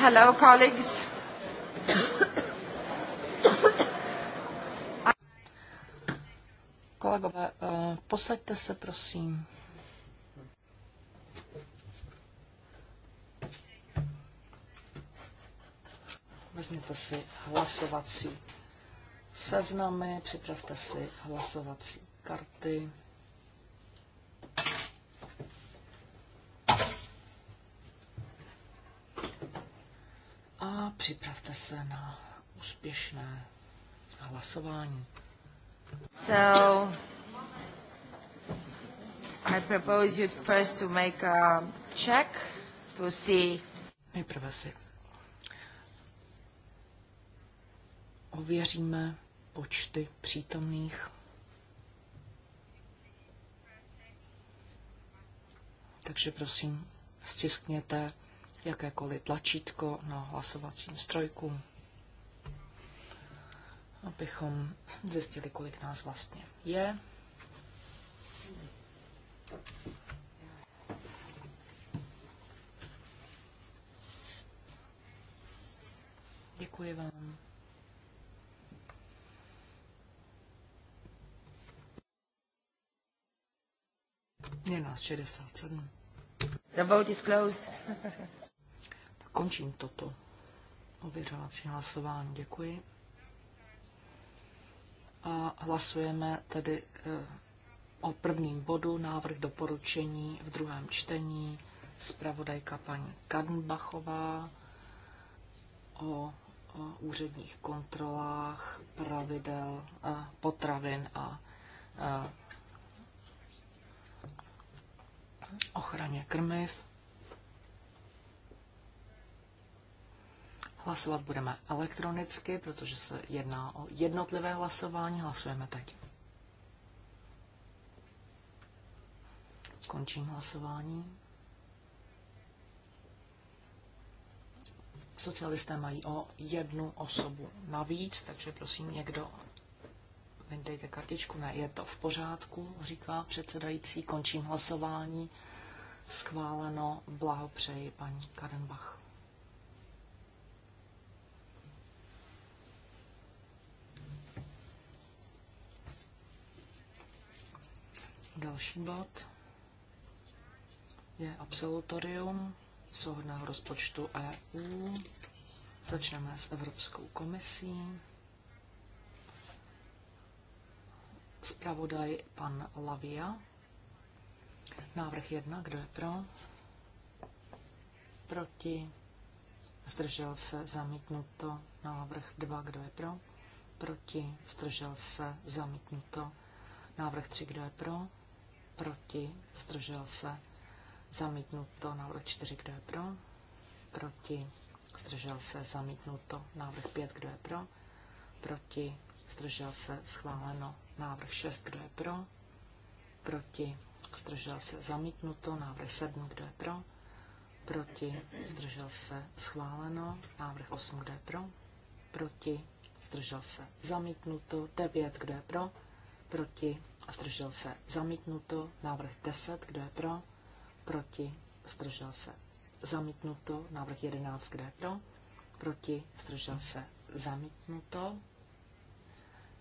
Hello, colleagues. Kolegové, eh, posaďte se, prosím. Vezměte si hlasovací seznamy, připravte si hlasovací karty. připravte se na úspěšné hlasování. So, I propose you first to make a check to see. Nejprve si ověříme počty přítomných. Takže prosím, stiskněte jakékoliv tlačítko na hlasovacím strojku, abychom zjistili, kolik nás vlastně je. Děkuji vám. Je nás 67. The vote is closed. Končím toto ověřovací hlasování. Děkuji. A hlasujeme tedy eh, o prvním bodu návrh doporučení v druhém čtení zpravodajka paní Kadnbachová o úředních kontrolách pravidel eh, potravin a eh, ochraně krmiv. Hlasovat budeme elektronicky, protože se jedná o jednotlivé hlasování. Hlasujeme teď. Končím hlasování. Socialisté mají o jednu osobu navíc, takže prosím někdo vyndejte kartičku. Ne, je to v pořádku, říká předsedající. Končím hlasování. Schváleno. Blahopřeji paní Kadenbach. Další bod je absolutorium souhodného rozpočtu EU. Začneme s Evropskou komisí. Spravodaj pan Lavia. Návrh jedna kdo je pro? Proti? Zdržel se zamítnuto. Návrh dva, kdo je pro? Proti? Zdržel se zamítnuto. Návrh tři kdo je pro? Proti. Zdržel se. Zamítnuto. Návrh 4. Kdo je pro? Proti. Zdržel se. Zamítnuto. Návrh 5. Kdo je pro? Proti. Zdržel se. Schváleno. Návrh 6. Kdo je pro? Proti. Zdržel se. Zamítnuto. Návrh 7. Kdo je pro? Proti. Zdržel se. Schváleno. Návrh 8. Kdo je pro? Proti. Zdržel se. Zamítnuto. 9. Kdo je pro? proti, zdržel se, zamítnuto. Návrh 10, kdo je pro, proti, zdržel se, zamítnuto. Návrh 11, kdo je pro, proti, zdržel se, zamítnuto.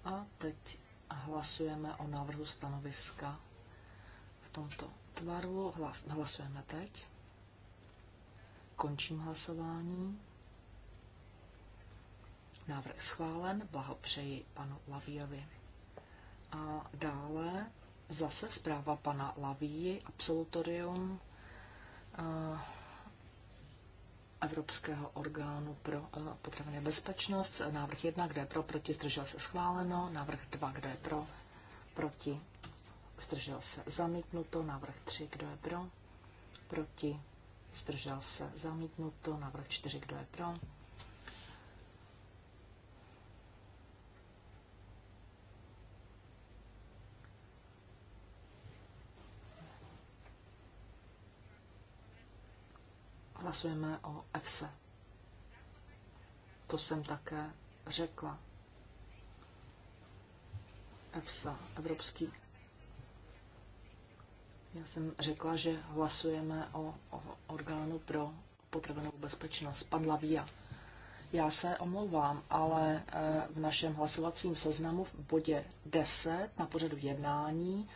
A teď hlasujeme o návrhu stanoviska v tomto tvaru. Hlas, hlasujeme teď. Končím hlasování. Návrh schválen. Blahopřeji panu Laviovi. A dále zase zpráva pana Laví, absolutorium eh, Evropského orgánu pro eh, potraviny bezpečnost. Návrh 1, kde je pro, proti, zdržel se schváleno. Návrh 2, kde je pro, proti, zdržel se zamítnuto. Návrh 3, kdo je pro, proti, zdržel se zamítnuto. Návrh 4, kdo je pro, hlasujeme o EFSE. To jsem také řekla. EFSA, Evropský. Já jsem řekla, že hlasujeme o, o orgánu pro potravinovou bezpečnost, pan Lavia. Já se omlouvám, ale e, v našem hlasovacím seznamu v bodě 10 na pořadu jednání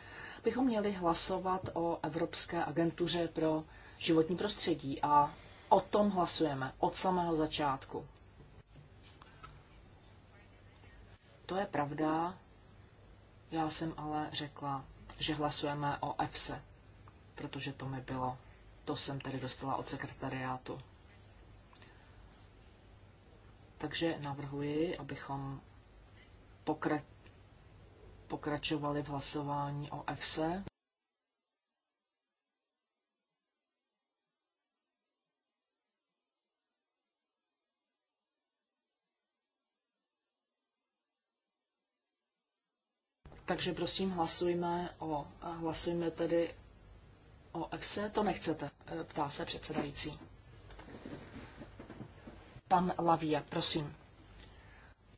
bychom měli hlasovat o Evropské agentuře pro životní prostředí a o tom hlasujeme od samého začátku. To je pravda, já jsem ale řekla, že hlasujeme o EFSE, protože to mi bylo, to jsem tedy dostala od sekretariátu. Takže navrhuji, abychom pokračovali v hlasování o EFSE. Takže prosím, hlasujme, o, hlasujme tedy o EFSE. To nechcete, e, ptá se předsedající. Pan Lavia, prosím.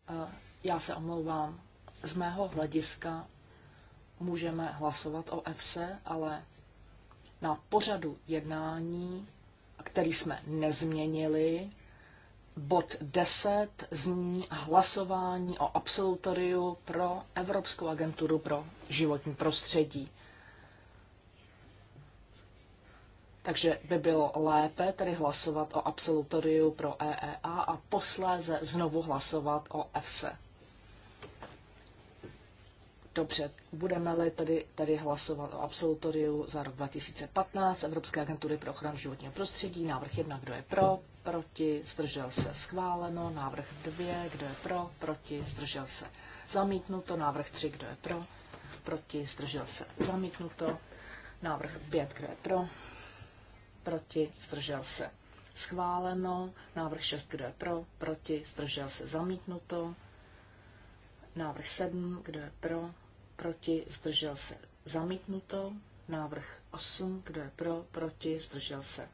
E, já se omlouvám. Z mého hlediska můžeme hlasovat o EFSE, ale na pořadu jednání, který jsme nezměnili, Bod 10 zní hlasování o absolutoriu pro Evropskou agenturu pro životní prostředí. Takže by bylo lépe tedy hlasovat o absolutoriu pro EEA a posléze znovu hlasovat o EFSE. Dobře, budeme-li tedy, tedy hlasovat o absolutoriu za rok 2015 Evropské agentury pro ochranu životního prostředí, návrh 1, kdo je pro, proti, zdržel se schváleno, návrh 2, kdo je pro, proti, zdržel se zamítnuto, návrh 3, kdo je pro, proti, zdržel se zamítnuto, návrh 5, kdo je pro, proti, zdržel se schváleno, návrh 6, kdo je pro, proti, zdržel se zamítnuto, návrh 7, kdo je pro, proti, zdržel se zamítnuto, návrh 8, kdo je pro, proti, zdržel se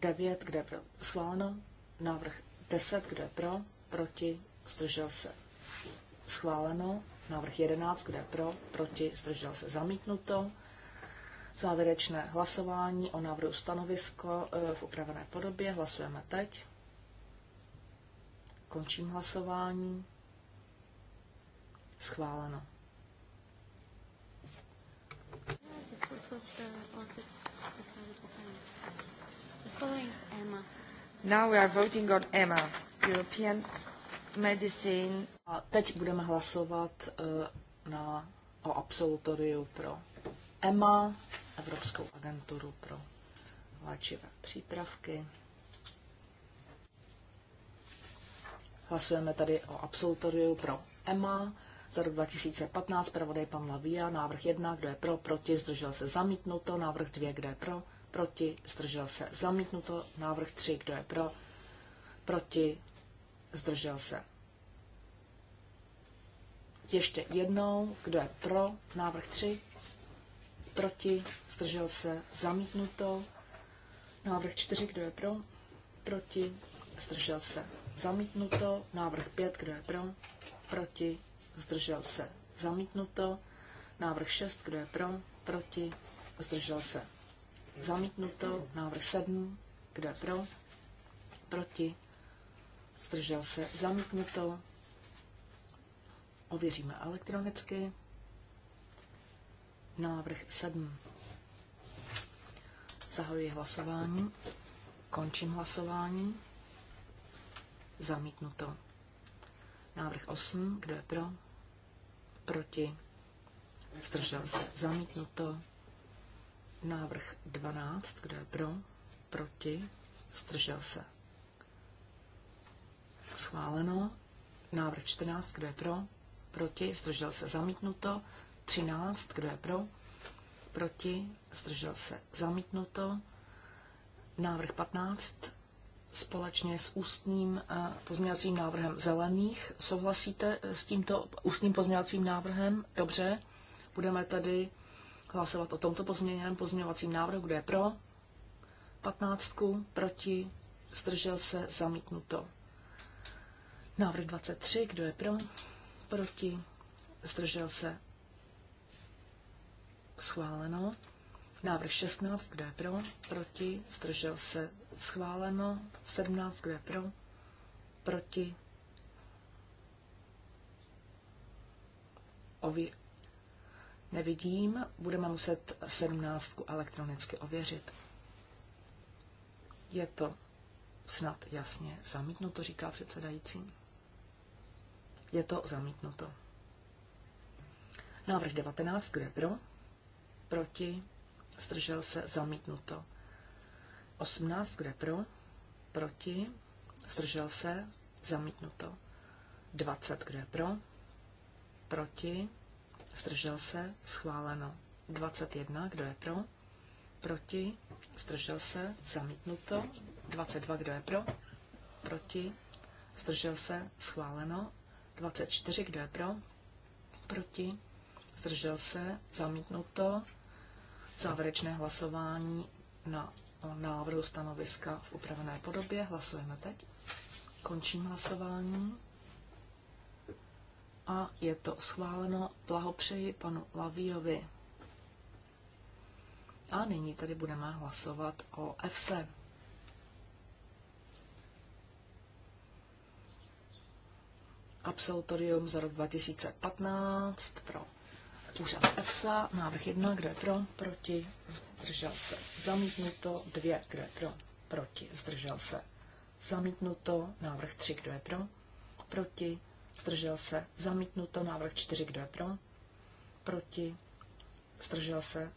9, kde pro, schváleno. Návrh 10, kde pro, proti, zdržel se. Schváleno. Návrh 11, kde pro, proti, zdržel se. Zamítnuto. Závěrečné hlasování o návrhu stanovisko e, v upravené podobě. Hlasujeme teď. Končím hlasování. Schváleno. Yes, uh, Now we are voting on EMA, European Medicine. A teď budeme hlasovat uh, na, o absolutoriu pro EMA, Evropskou agenturu pro léčivé přípravky. Hlasujeme tady o absolutoriu pro EMA za rok 2015, pravodej pan Lavia, návrh 1, kdo je pro, proti, zdržel se zamítnuto, návrh 2, kdo je pro, proti, zdržel se. Zamítnuto návrh 3, kdo je pro, proti, zdržel se. Ještě jednou, kdo je pro, návrh 3, proti, zdržel se, zamítnuto. Návrh 4, kdo je pro, proti, zdržel se, zamítnuto. Návrh 5, kdo je pro, proti, zdržel se, zamítnuto. Návrh 6, kdo je pro, proti, zdržel se, Zamítnuto. Návrh 7. Kdo je pro? Proti? Zdržel se. Zamítnuto. Ověříme elektronicky. Návrh 7. Zahajuji hlasování. Končím hlasování. Zamítnuto. Návrh 8. Kdo je pro? Proti? Zdržel se. Zamítnuto. Návrh 12, kdo je pro, proti, zdržel se. Schváleno. Návrh 14, kdo je pro, proti, zdržel se, zamítnuto. 13, kdo je pro, proti, zdržel se, zamítnuto. Návrh 15, společně s ústním eh, pozměňovacím návrhem zelených. Souhlasíte s tímto ústním pozměňovacím návrhem? Dobře, budeme tady hlasovat o tomto pozměněném pozměňovacím návrhu. Kdo je pro? 15. Proti? Zdržel se? Zamítnuto. Návrh 23. Kdo je pro? Proti? Zdržel se? Schváleno. Návrh 16. Kdo je pro? Proti? Zdržel se? Schváleno. 17. Kdo je pro? Proti? Nevidím, budeme muset sedmnáctku elektronicky ověřit. Je to snad jasně zamítnuto, říká předsedající. Je to zamítnuto. Návrh 19, kde pro? Proti? Zdržel se zamítnuto. 18, kde pro? Proti? Zdržel se zamítnuto. 20, kde pro? Proti? zdržel se, schváleno. 21, kdo je pro, proti, zdržel se, zamítnuto. 22, kdo je pro, proti, zdržel se, schváleno. 24, kdo je pro, proti, zdržel se, zamítnuto. Závěrečné hlasování na o návrhu stanoviska v upravené podobě. Hlasujeme teď. Končím hlasování a je to schváleno. Blahopřeji panu Lavíjovi. A nyní tady budeme hlasovat o EFSE. Absolutorium za rok 2015 pro úřad EFSA, návrh 1, kdo je pro, proti, zdržel se, zamítnuto, 2, kdo je pro, proti, zdržel se, zamítnuto, návrh 3, kdo je pro, proti, zdržel se, zamítnuto. Návrh 4, kdo je pro, proti, zdržel se,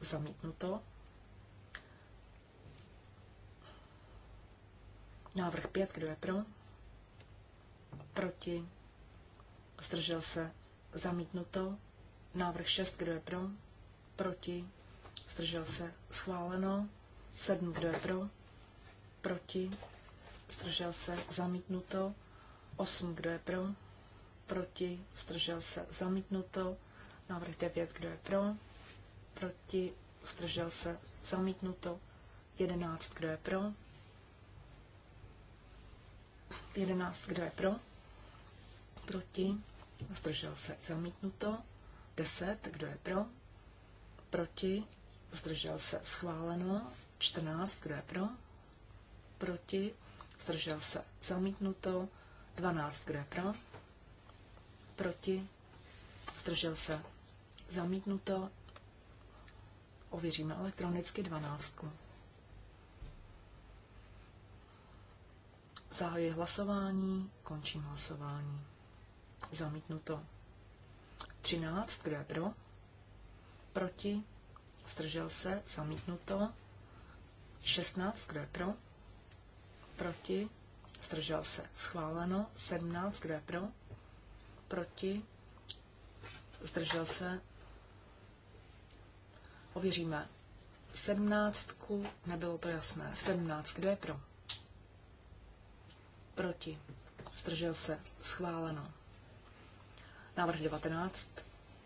zamítnuto. Návrh 5, kdo je pro, proti, zdržel se, zamítnuto. Návrh 6, kdo je pro, proti, zdržel se, schváleno. 7, kdo je pro, proti, zdržel se, zamítnuto. 8, kdo je pro, proti, zdržel se, zamítnuto. Návrh 9, kdo je pro, proti, zdržel se, zamítnuto. 11, kdo je pro, 11, kdo je pro, proti, zdržel se, zamítnuto. 10, kdo je pro, proti, zdržel se, schváleno. 14, kdo je pro, proti, zdržel se, zamítnuto. 12, kdo je pro? Proti? Zdržel se. Zamítnuto. Ověříme elektronicky 12. Zahajuji hlasování, končím hlasování. Zamítnuto. 13, kdo je pro? Proti? Zdržel se, zamítnuto. 16, kdo je pro? Proti? Zdržel se. Schváleno. 17. Kdo je pro? Proti? Zdržel se. Ověříme. 17. Nebylo to jasné. 17. Kdo je pro? Proti. Zdržel se. Schváleno. Návrh 19.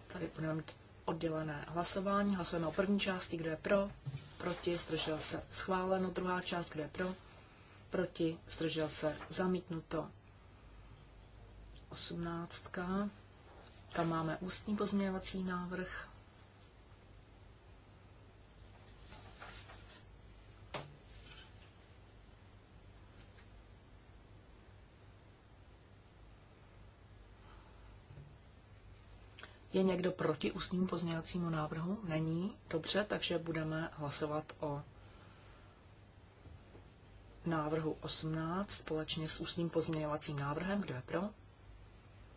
Tady budeme mít oddělené hlasování. Hlasujeme o první části, kdo je pro, proti, zdržel se. Schváleno. Druhá část, kdo je pro, proti, zdržel se, zamítnuto. Osmnáctka, tam máme ústní pozměňovací návrh. Je někdo proti ústnímu pozměňovacímu návrhu? Není. Dobře, takže budeme hlasovat o návrhu 18 společně s ústním pozměňovacím návrhem. Kdo je pro?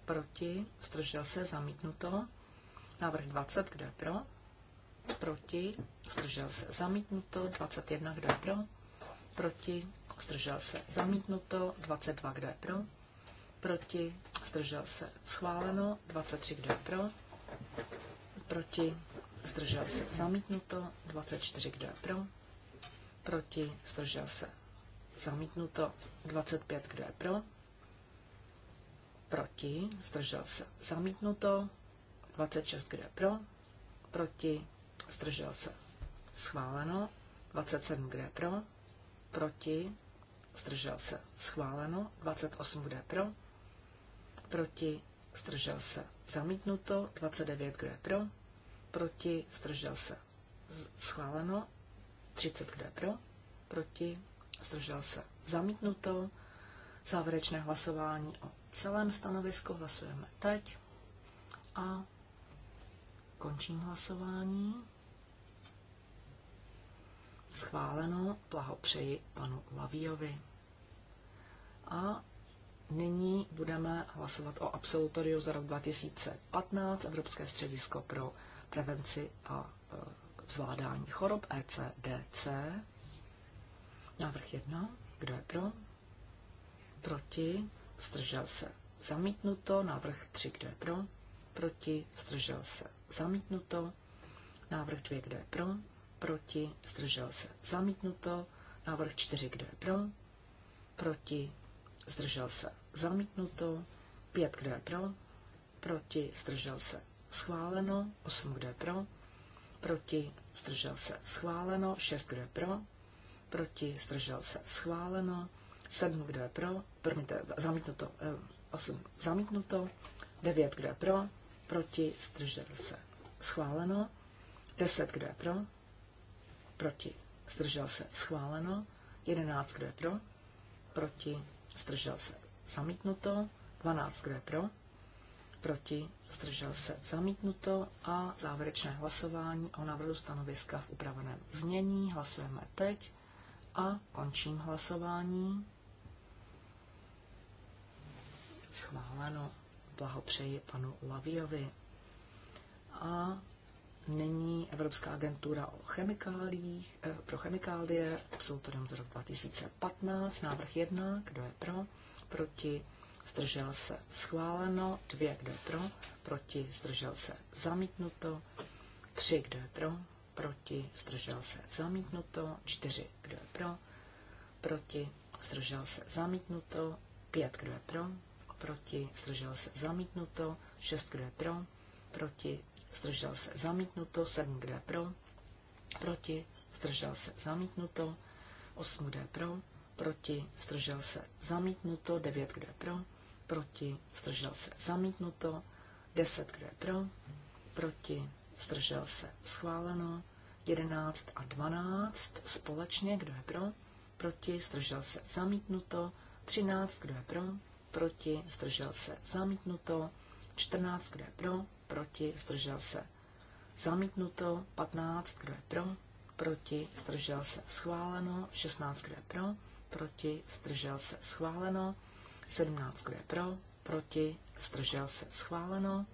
Proti? Zdržel se? Zamítnuto. Návrh 20. Kdo je pro? Proti? Zdržel se? Zamítnuto. 21. Kdo je pro? Proti? Zdržel se? Zamítnuto. 22. Kdo je pro? Proti? Zdržel se? Schváleno. 23. Kdo je pro? Proti? Zdržel se? Zamítnuto. 24. Kdo je pro? Proti? Zdržel se? Zamítnuto 25, kdo je pro? Proti. Zdržel se. Zamítnuto 26, kdo je pro? Proti. Zdržel se. Schváleno 27, kdo je pro? Proti. Zdržel se. Schváleno 28, kdo je pro? Proti. Zdržel se. Zamítnuto 29, kdo je pro? Proti. Zdržel se. Schváleno 30, kdo je pro? Proti zdržel se zamítnuto. Závěrečné hlasování o celém stanovisku hlasujeme teď a končím hlasování. Schváleno, blahopřeji panu Lavíjovi. A nyní budeme hlasovat o absolutoriu za rok 2015 Evropské středisko pro prevenci a e, zvládání chorob ECDC. Návrh jedna. Kdo je pro? Proti? Zdržel se. Zamítnuto. Návrh tři, Kdo je pro? Proti? Zdržel se. Zamítnuto. Návrh dvě. Kdo je pro? Proti? Zdržel se. Zamítnuto. Návrh čtyři, Kdo je pro? Proti? Zdržel se. Zamítnuto. Pět, Kdo je pro? Proti? Zdržel se. Schváleno. Osm, Kdo je pro? Proti? Zdržel se. Schváleno. Šest, Kdo je pro? proti, zdržel se, schváleno. 7, kdo je pro, promiňte, zamítnuto, 8, eh, zamítnuto. 9, kdo je pro, proti, zdržel se, schváleno. 10, kdo je pro, proti, zdržel se, schváleno. 11, kdo je pro, proti, zdržel se, zamítnuto. 12, kdo je pro, proti, zdržel se, zamítnuto a závěrečné hlasování o návrhu stanoviska v upraveném znění. Hlasujeme teď a končím hlasování. Schváleno. Blahopřeji panu Laviovi. A nyní Evropská agentura o chemikáliích, eh, pro chemikálie, absolutorium z roku 2015, návrh 1, kdo je pro, proti, zdržel se, schváleno, 2, kdo je pro, proti, zdržel se, zamítnuto, 3, kdo je pro, proti, zdržel se, zamítnuto, 4, kdo je pro, proti, zdržel se, zamítnuto, 5, kdo je pro, proti, zdržel se, zamítnuto, 6, kdo je pro, proti, zdržel se, zamítnuto, 7, kdo je pro, proti, zdržel se, zamítnuto, 8, kdo je pro, proti, zdržel se, zamítnuto, 9, kdo je pro, proti, zdržel se, zamítnuto, 10, kdo je pro, proti, zdržel se schváleno, 11 a 12 společně, kdo je pro, proti, zdržel se zamítnuto, 13, kdo je pro, proti, zdržel se zamítnuto, 14, kdo je pro, proti, zdržel se zamítnuto, 15, kdo je pro, proti, zdržel se schváleno, 16, kdo je pro, proti, zdržel se schváleno, 17, kdo je pro, proti, zdržel se schváleno,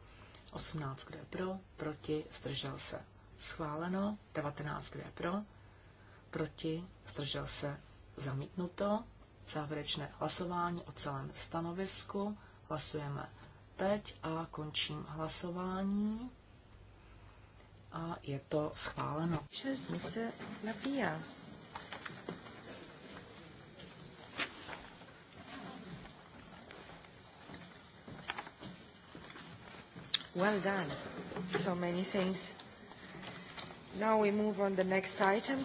18, kde je pro, proti, zdržel se. Schváleno, 19, kde je pro, proti, zdržel se. Zamítnuto, závěrečné hlasování o celém stanovisku. Hlasujeme teď a končím hlasování. A je to schváleno. Šest se napíjá. Well done. So many things. Now we move on the next item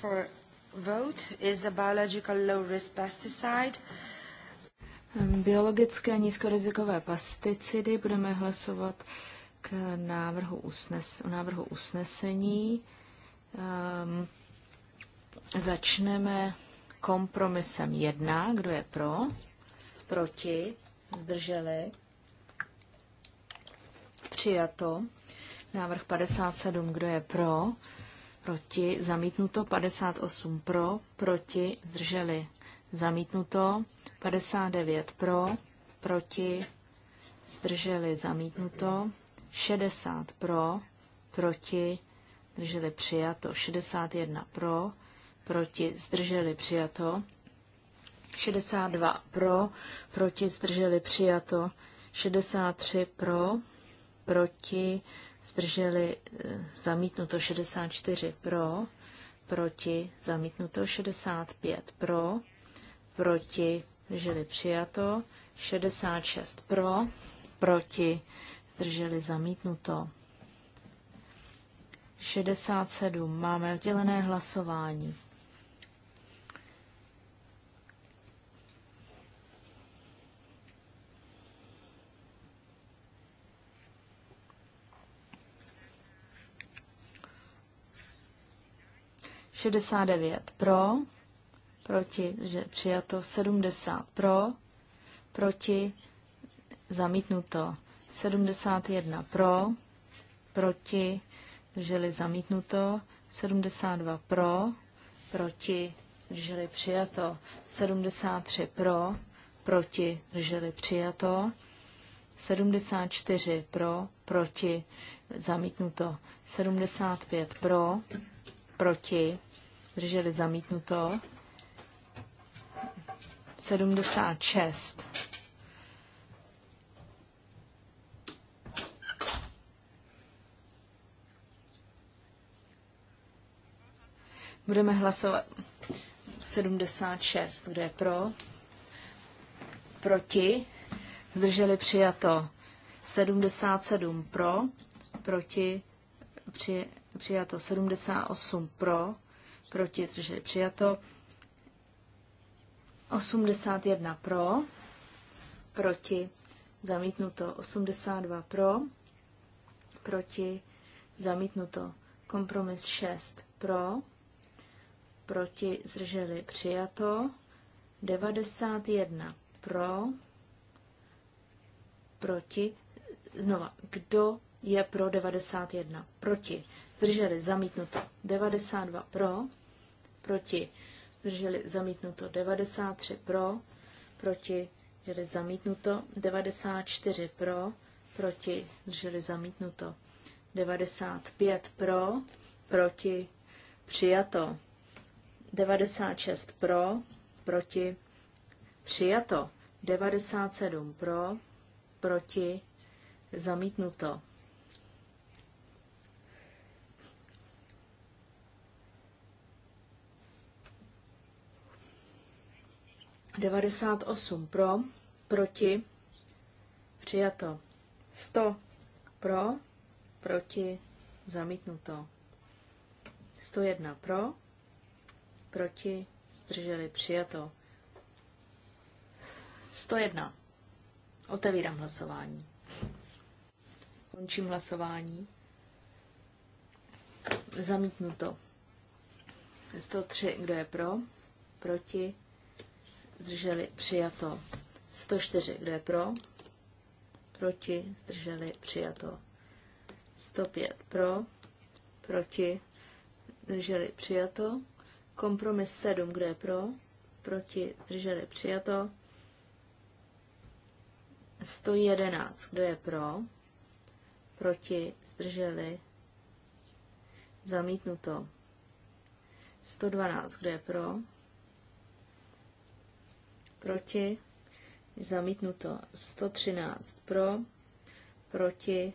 for vote is the biological low risk pesticide. Biologické nízkorizikové pesticidy budeme hlasovat k návrhu, usnes, návrhu usnesení. Um, začneme kompromisem 1. Kdo je pro? Proti? Zdrželi? přijato. Návrh 57, kdo je pro, proti, zamítnuto. 58 pro, proti, zdrželi, zamítnuto. 59 pro, proti, zdrželi, zamítnuto. 60 pro, proti, zdrželi přijato, 61 pro, proti zdrželi přijato, 62 pro, proti zdrželi přijato, 63 pro, proti, zdrželi eh, zamítnuto 64 pro, proti, zamítnuto 65 pro, proti, zdrželi přijato 66 pro, proti, zdrželi zamítnuto. 67. Máme oddělené hlasování. 69 pro, proti, že přijato 70 pro, proti, zamítnuto 71 pro, proti, drželi zamítnuto 72 pro, proti, drželi přijato 73 pro, proti, drželi přijato 74 pro, proti, zamítnuto 75 pro, proti, zdrželi zamítnuto. 76. Budeme hlasovat 76, kdo je pro, proti, zdrželi přijato 77 pro, proti, při, přijato 78 pro, proti, zdrželi přijato. 81 pro, proti, zamítnuto. 82 pro, proti, zamítnuto. Kompromis 6 pro, proti, zdrželi přijato. 91 pro, proti, znova, kdo je pro 91, proti, zdrželi, zamítnuto 92 pro, proti, zdrželi, zamítnuto 93 pro, proti, zdrželi, zamítnuto 94 pro, proti, zdrželi, zamítnuto 95 pro, proti, přijato 96 pro, proti, přijato 97 pro, proti, zamítnuto 98 pro, proti, přijato. 100 pro, proti, zamítnuto. 101 pro, proti, zdrželi, přijato. 101. Otevírám hlasování. Končím hlasování. Zamítnuto. 103. Kdo je pro? Proti? zdrželi, přijato. 104, kdo je pro, proti, zdrželi, přijato. 105 pro, proti, zdrželi, přijato. Kompromis 7, kdo je pro, proti, zdrželi, přijato. 111, kdo je pro, proti, zdrželi, zamítnuto. 112, kdo je pro, proti, zamítnuto 113 pro, proti,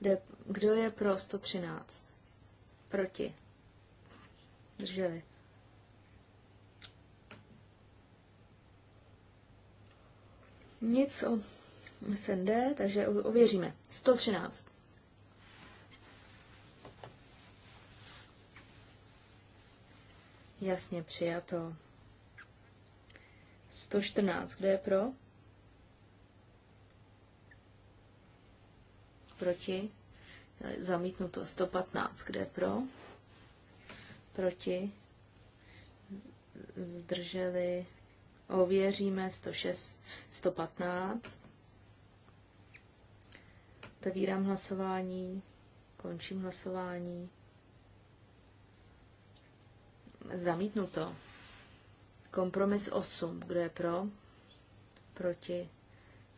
de, kdo je pro 113? Proti. Drželi. Nic o SND, takže ověříme. 113. Jasně přijato. 114. Kdo je pro? Proti? Zamítnuto. 115. Kdo je pro? Proti? Zdrželi. Ověříme 106, 115. Otevírám hlasování. Končím hlasování. Zamítnuto. Kompromis 8. Kdo je pro? Proti?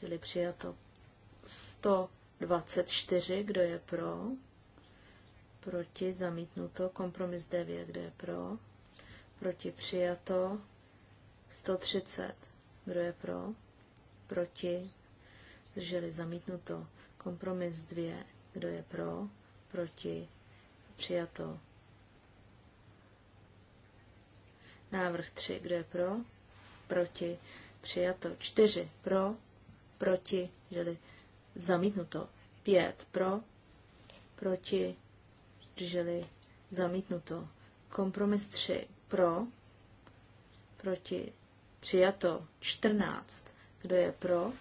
Byli přijato 124. Kdo je pro? Proti? Zamítnuto. Kompromis 9. Kdo je pro? Proti? Přijato 130. Kdo je pro? Proti? Drželi zamítnuto. Kompromis 2. Kdo je pro? Proti? Přijato Návrh 3, kdo je pro? Proti. Přijato. 4 pro. Proti. Drželi. Zamítnuto. 5 pro. Proti. Drželi. Zamítnuto. Kompromis 3 pro. Proti. Přijato. 14. Kdo je pro?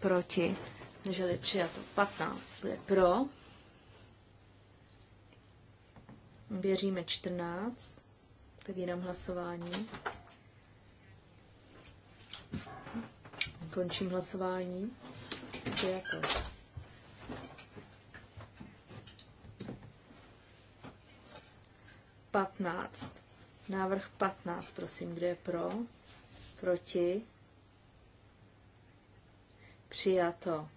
Proti. Drželi. Přijato. 15. Kdo je pro? Věříme 14, tak jenom hlasování. Končím hlasování. to. Jako- patnáct. Návrh 15, prosím, kde je pro? Proti? Přijato.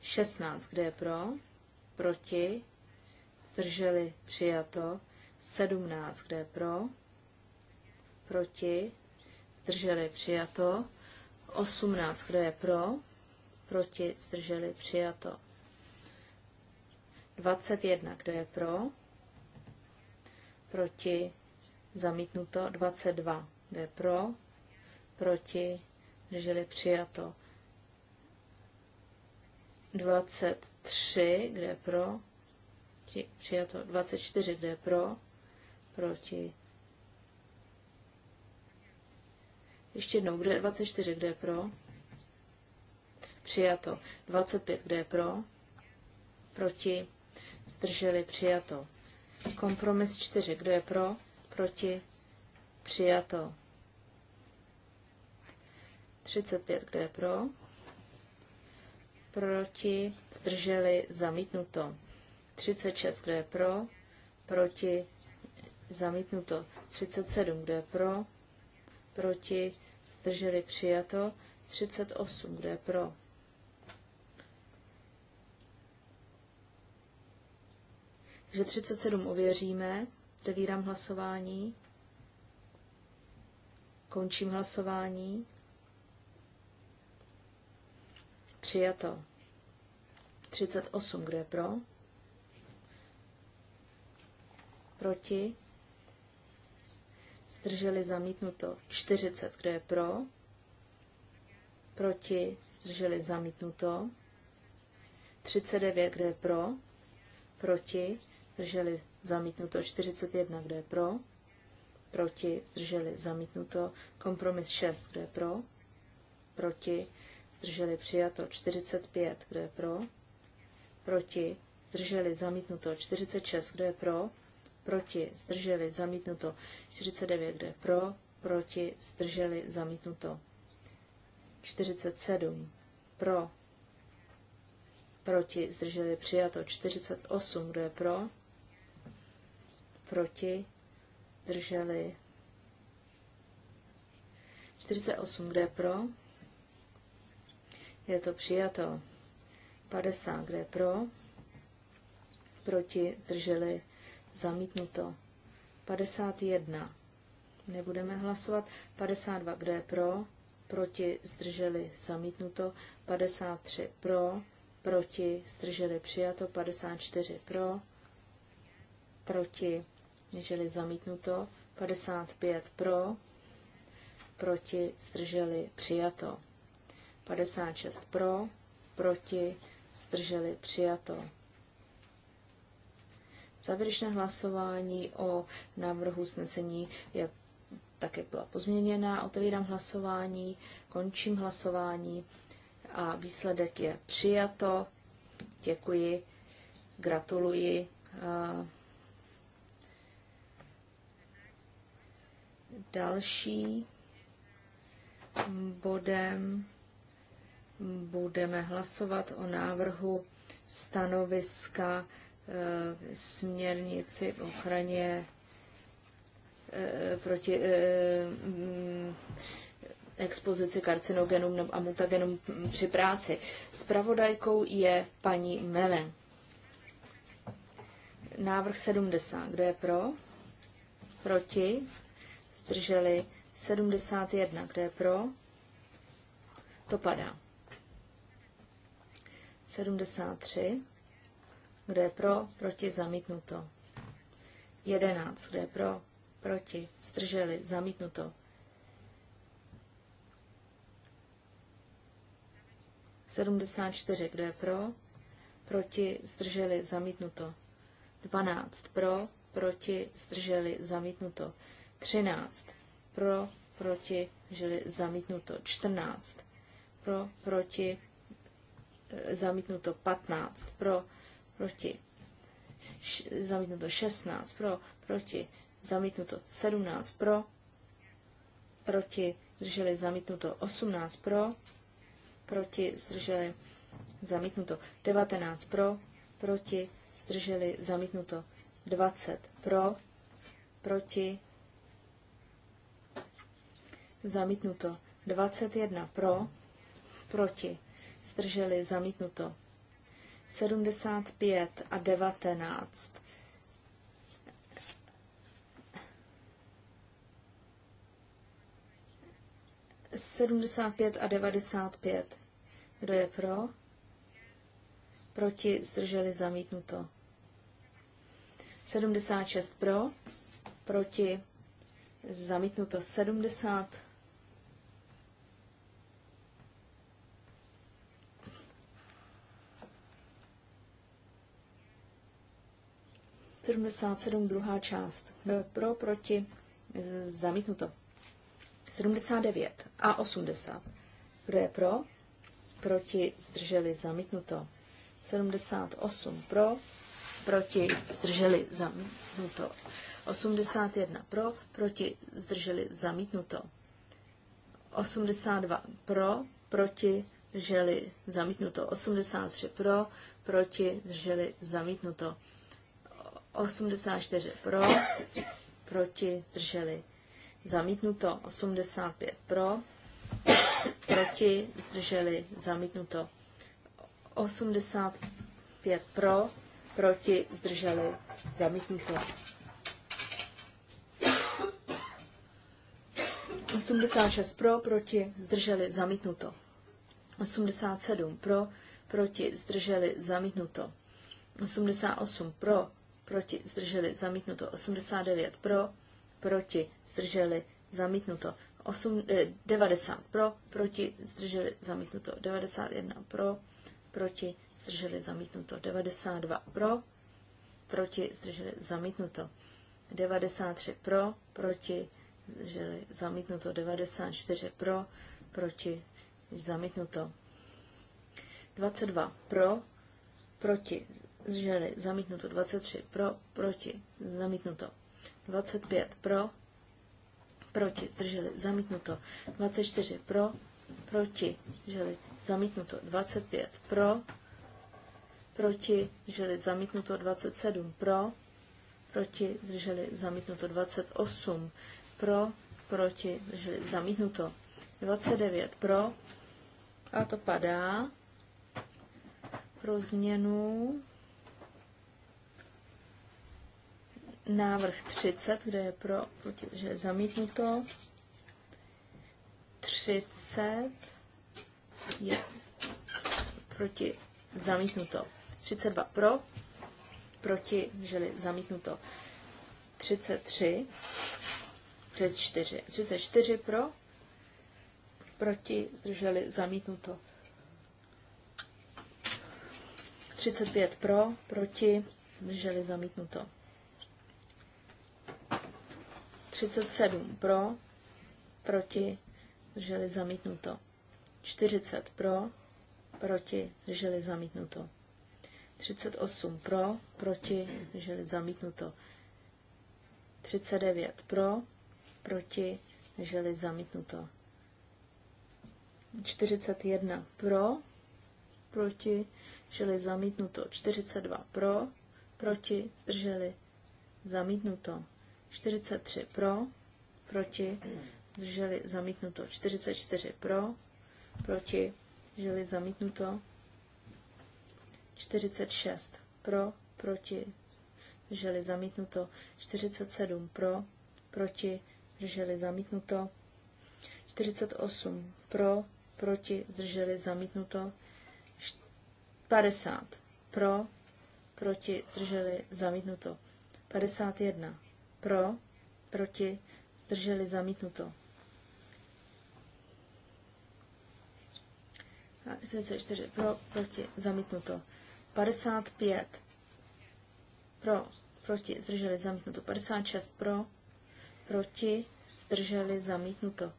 16, kde je pro? Proti? zdrželi přijato 17, kde je pro, proti, zdrželi přijato 18, kdo je pro, proti, zdrželi přijato 21, kdo je pro, proti, zamítnuto 22, kdo je pro, proti, zdrželi přijato 23, kde je pro, proti, přijato 24, kde je pro, proti. Ještě jednou, kde je 24, kde je pro, přijato 25, kde je pro, proti, zdrželi, přijato. Kompromis 4, kdo je pro, proti, přijato. 35, kdo je pro, proti, zdrželi, zamítnuto. 36, kdo je pro, proti, zamítnuto. 37, kdo je pro, proti, drželi přijato. 38, kdo je pro. Takže 37 ověříme, otevírám hlasování, končím hlasování, přijato. 38, kdo je pro? proti, zdrželi zamítnuto 40, kdo je pro, proti, zdrželi zamítnuto 39, kdo je pro, proti, zdrželi zamítnuto 41, kdo je pro, proti, zdrželi zamítnuto kompromis 6, kdo je pro, proti, zdrželi přijato 45, kdo je pro, proti, zdrželi zamítnuto 46, kdo je pro, proti, zdrželi, zamítnuto. 49, kdo je pro, proti, zdrželi, zamítnuto. 47, pro, proti, zdrželi, přijato. 48, kdo je pro, proti, zdrželi. 48, kdo je pro, je to přijato. 50, kde pro, proti, zdrželi, Zamítnuto. 51. Nebudeme hlasovat. 52. Kdo je pro? Proti. Zdrželi. Zamítnuto. 53. Pro. Proti. Zdrželi. Přijato. 54. Pro. Proti. Zdrželi. Zamítnuto. 55. Pro. Proti. Zdrželi. Přijato. 56. Pro. Proti. Zdrželi. Přijato. Závěrečné hlasování o návrhu usnesení, jak tak, jak byla pozměněna. Otevírám hlasování, končím hlasování a výsledek je přijato. Děkuji, gratuluji. Eh, Další bodem budeme hlasovat o návrhu stanoviska Eh, směrnici v ochraně eh, proti eh, mm, expozici karcinogenům a mutagenům při práci. Spravodajkou je paní Mele. Návrh 70. Kdo je pro? Proti? Zdrželi 71. Kdo je pro? To padá. 73. Kdo je pro? Proti? Zamítnuto. 11. Kdo je pro? Proti? Zdrželi? Zamítnuto. 74. Kdo je pro? Proti? Zdrželi? Zamítnuto. 12. Pro? Proti? Zdrželi? Zamítnuto. 13. Pro? Proti? žili, Zamítnuto. 14. Pro? Proti? E, zamítnuto. 15. Pro? proti, zamítnuto 16 pro, proti, zamítnuto 17 pro, proti, zdrželi zamítnuto 18 pro, proti, zdrželi zamítnuto 19 pro, proti, zdrželi zamítnuto 20 pro, proti, zamítnuto 21 pro, proti, zdrželi zamítnuto 75 a 19. Sedmdesát pět a devadesát pět. Kdo je pro? Proti zdrželi zamítnuto. Sedmdesát šest pro, proti zamítnuto sedmdesát 77, druhá část. Pro, proti, zamítnuto. 79 a 80. Kdo je pro? Proti, zdrželi, zamítnuto. 78 pro, proti, zdrželi, zamítnuto. 81 pro, proti, zdrželi, zamítnuto. 82 pro, proti, zdrželi, zamítnuto. 83 pro, proti, zdrželi, zamítnuto. 84 pro, proti, zdrželi. Zamítnuto 85 pro, proti, zdrželi. Zamítnuto 85 pro, proti, zdrželi. Zamítnuto. 86 pro, proti, zdrželi, zamítnuto. 87 pro, proti, zdrželi, zamítnuto. 88 pro, proti, zdrželi, zamítnuto. 89 pro, proti, zdrželi, zamítnuto. 8, eh, 90 pro, proti, zdrželi, zamítnuto. 91 pro, proti, zdrželi, zamítnuto. 92 pro, proti, zdrželi, zamítnuto. 93 pro, proti, zdrželi, zamítnuto. 94 pro, proti, zamítnuto. 22 pro, proti, zdrželi, zamítnuto 23 pro, proti, zamítnuto 25 pro, proti, zdrželi, zamítnuto 24 pro, proti, zdrželi, zamítnuto 25 pro, proti, zdrželi, zamítnuto 27 pro, proti, zdrželi, zamítnuto 28 pro, proti, zdrželi, zamítnuto 29 pro, a to padá pro změnu Návrh 30, kde je pro, že je zamítnuto. 30 je proti zamítnuto. 32 pro, proti, žili zamítnuto. 33, 34, 34 pro, proti, zdrželi zamítnuto. 35 pro, proti, zdrželi zamítnuto. 37 pro, proti, drželi zamítnuto. 40 pro, proti, drželi zamítnuto. 38 pro, proti, drželi zamítnuto. 39 pro, proti, drželi zamítnuto. 41 pro, proti, drželi zamítnuto. 42 pro, proti, drželi zamítnuto. 43 pro, proti, drželi zamítnuto. 44 pro, proti, drželi zamítnuto. 46 pro, proti, drželi zamítnuto. 47 pro, proti, drželi zamítnuto. 48 pro, proti, drželi zamítnuto. 50 pro, proti, drželi zamítnuto. 51 pro, proti, drželi zamítnuto. 44 pro, proti, zamítnuto. 55 pro, proti, zdrželi zamítnuto. 56 pro, proti, zdrželi zamítnuto.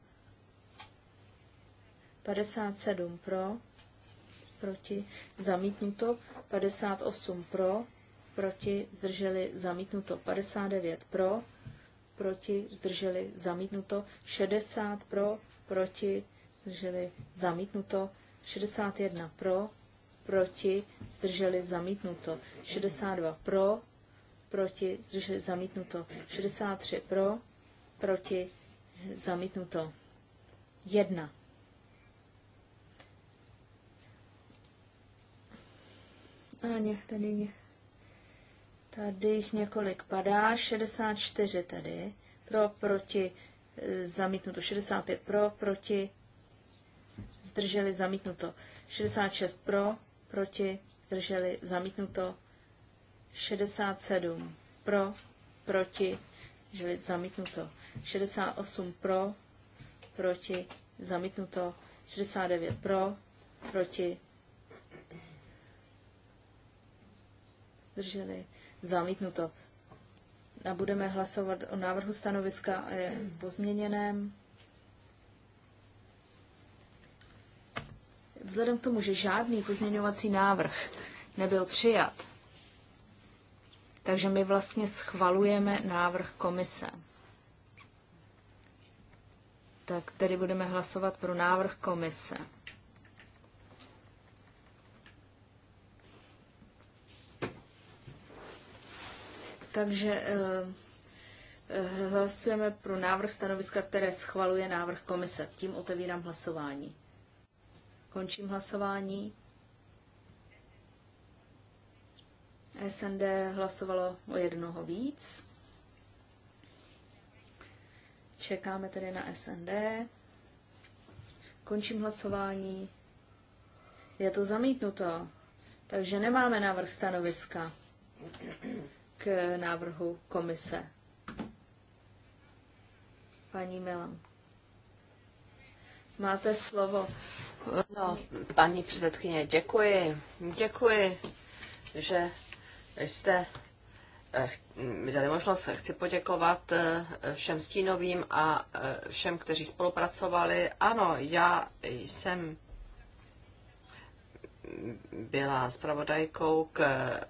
57 pro, proti, zamítnuto. 58 pro, proti, zdrželi, zamítnuto 59 pro, proti, zdrželi, zamítnuto 60 pro, proti, zdrželi, zamítnuto 61 pro, proti, zdrželi, zamítnuto 62 pro, proti, zdrželi, zamítnuto 63 pro, proti, zamítnuto 1. A nech tady nech Tady jich několik padá, 64 tady, pro, proti, zamítnuto, 65 pro, proti, zdrželi, zamítnuto, 66 pro, proti, zdrželi, zamítnuto, 67 pro, proti, zdrželi, zamítnuto, 68 pro, proti, zamítnuto, 69 pro, proti, zdrželi, Zamítnuto. A budeme hlasovat o návrhu stanoviska pozměněném. Vzhledem k tomu, že žádný pozměňovací návrh nebyl přijat, takže my vlastně schvalujeme návrh komise. Tak tedy budeme hlasovat pro návrh komise. Takže eh, eh, hlasujeme pro návrh stanoviska, které schvaluje návrh komise. Tím otevírám hlasování. Končím hlasování. SND hlasovalo o jednoho víc. Čekáme tedy na SND. Končím hlasování. Je to zamítnuto, takže nemáme návrh stanoviska k návrhu komise. Paní Milan. Máte slovo. No, paní předsedkyně, děkuji. Děkuji, že jste eh, mi dali možnost, chci poděkovat eh, všem stínovým a eh, všem, kteří spolupracovali. Ano, já jsem byla zpravodajkou k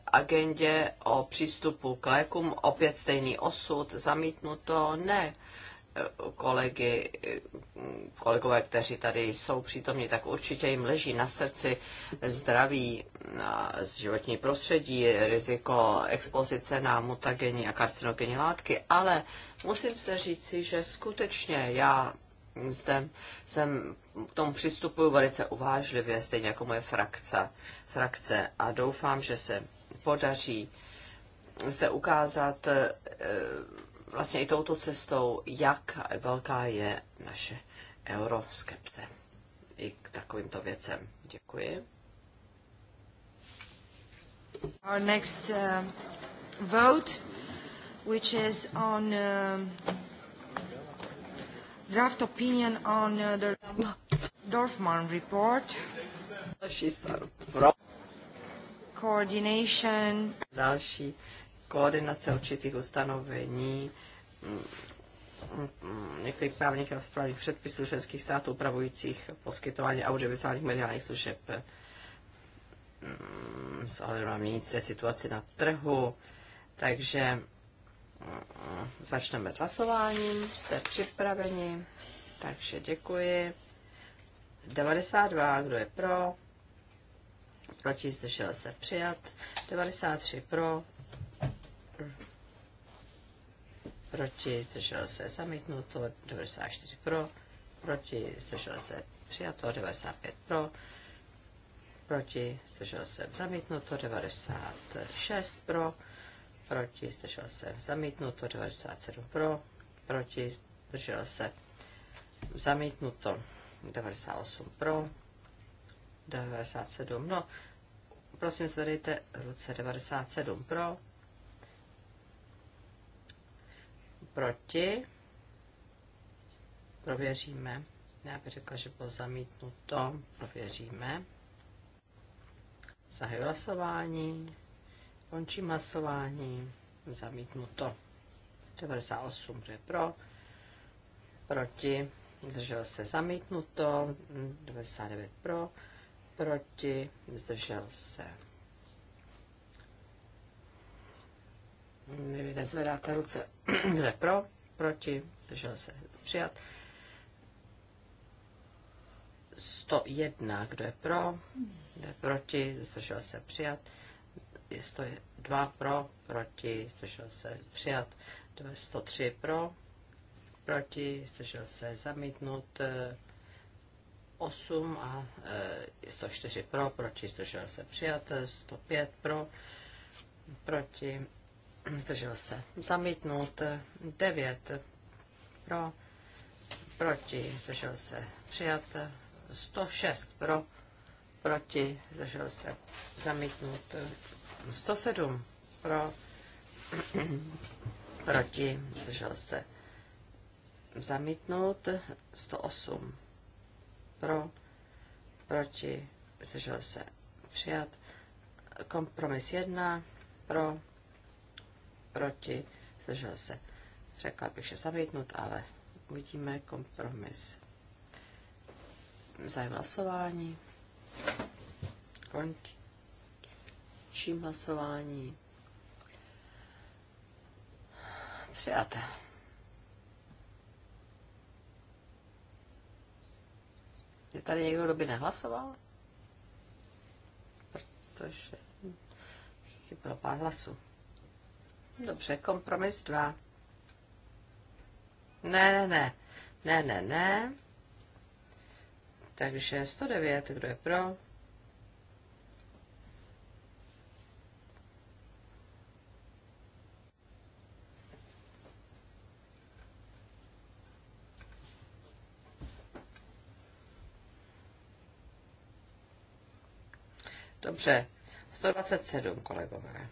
agendě o přístupu k lékům. Opět stejný osud, zamítnuto, ne kolegy, kolegové, kteří tady jsou přítomní, tak určitě jim leží na srdci zdraví, životní prostředí, riziko expozice na mutagenní a karcinogenní látky, ale musím se říci, že skutečně já zde jsem k tomu přistupuju velice uvážlivě, stejně jako moje frakce, frakce a doufám, že se podaří zde ukázat eh, vlastně i touto cestou, jak velká je naše euroskepse i k takovýmto věcem. Děkuji. Our next uh, vote, which is on uh, draft opinion on uh, the Dorfman report. Coordination. Další koordinace určitých ustanovení mm, mm, některých právních a správních předpisů členských států upravujících poskytování audiovizuálních mediálních služeb mm, s ohledem na měnící situaci na trhu. Takže začneme s hlasováním. Jste připraveni, takže děkuji. 92, kdo je pro? Proti zdržel se přijat. 93 pro. Proti zdržel se zamítnuto. 94 pro. Proti zdržel se přijato. 95 pro. Proti zdržel se zamítnuto. 96 pro proti, zdržel se, zamítnuto, 97 pro, proti, zdržel se, zamítnuto, 98 pro, 97, no, prosím, zvedejte ruce 97 pro, proti, prověříme, já bych řekla, že bylo zamítnuto, prověříme, zahajuji hlasování, Končím hlasování. Zamítnuto. 98 že pro, proti, zdržel se zamítnuto, 99 pro, proti, zdržel se. nezvedáte ruce, kde pro, proti, zdržel se přijat. 101, kdo je pro, kdo je proti, zdržel se přijat. 102 pro, proti, zdržel se přijat, 103 pro, proti, zdržel se zamítnut, 8 a 104 e, pro, proti, zdržel se přijat, 105 pro, proti, zdržel se zamítnut, 9 pro, proti, zdržel se přijat, 106 pro, proti, zdržel se zamítnut, 107 pro, proti, zdržel se zamítnout, 108 pro, proti, zdržel se přijat, kompromis 1 pro, proti, zdržel se, řekla bych, že zamítnout, ale uvidíme kompromis. Zajím hlasování. Konč čím hlasování. Přijaté. Je tady někdo, kdo by nehlasoval? Protože chybělo pár hlasů. Dobře, kompromis dva Ne, ne, ne. Ne, ne, ne. Takže 109, kdo je pro? Dobře, 127, kolegové.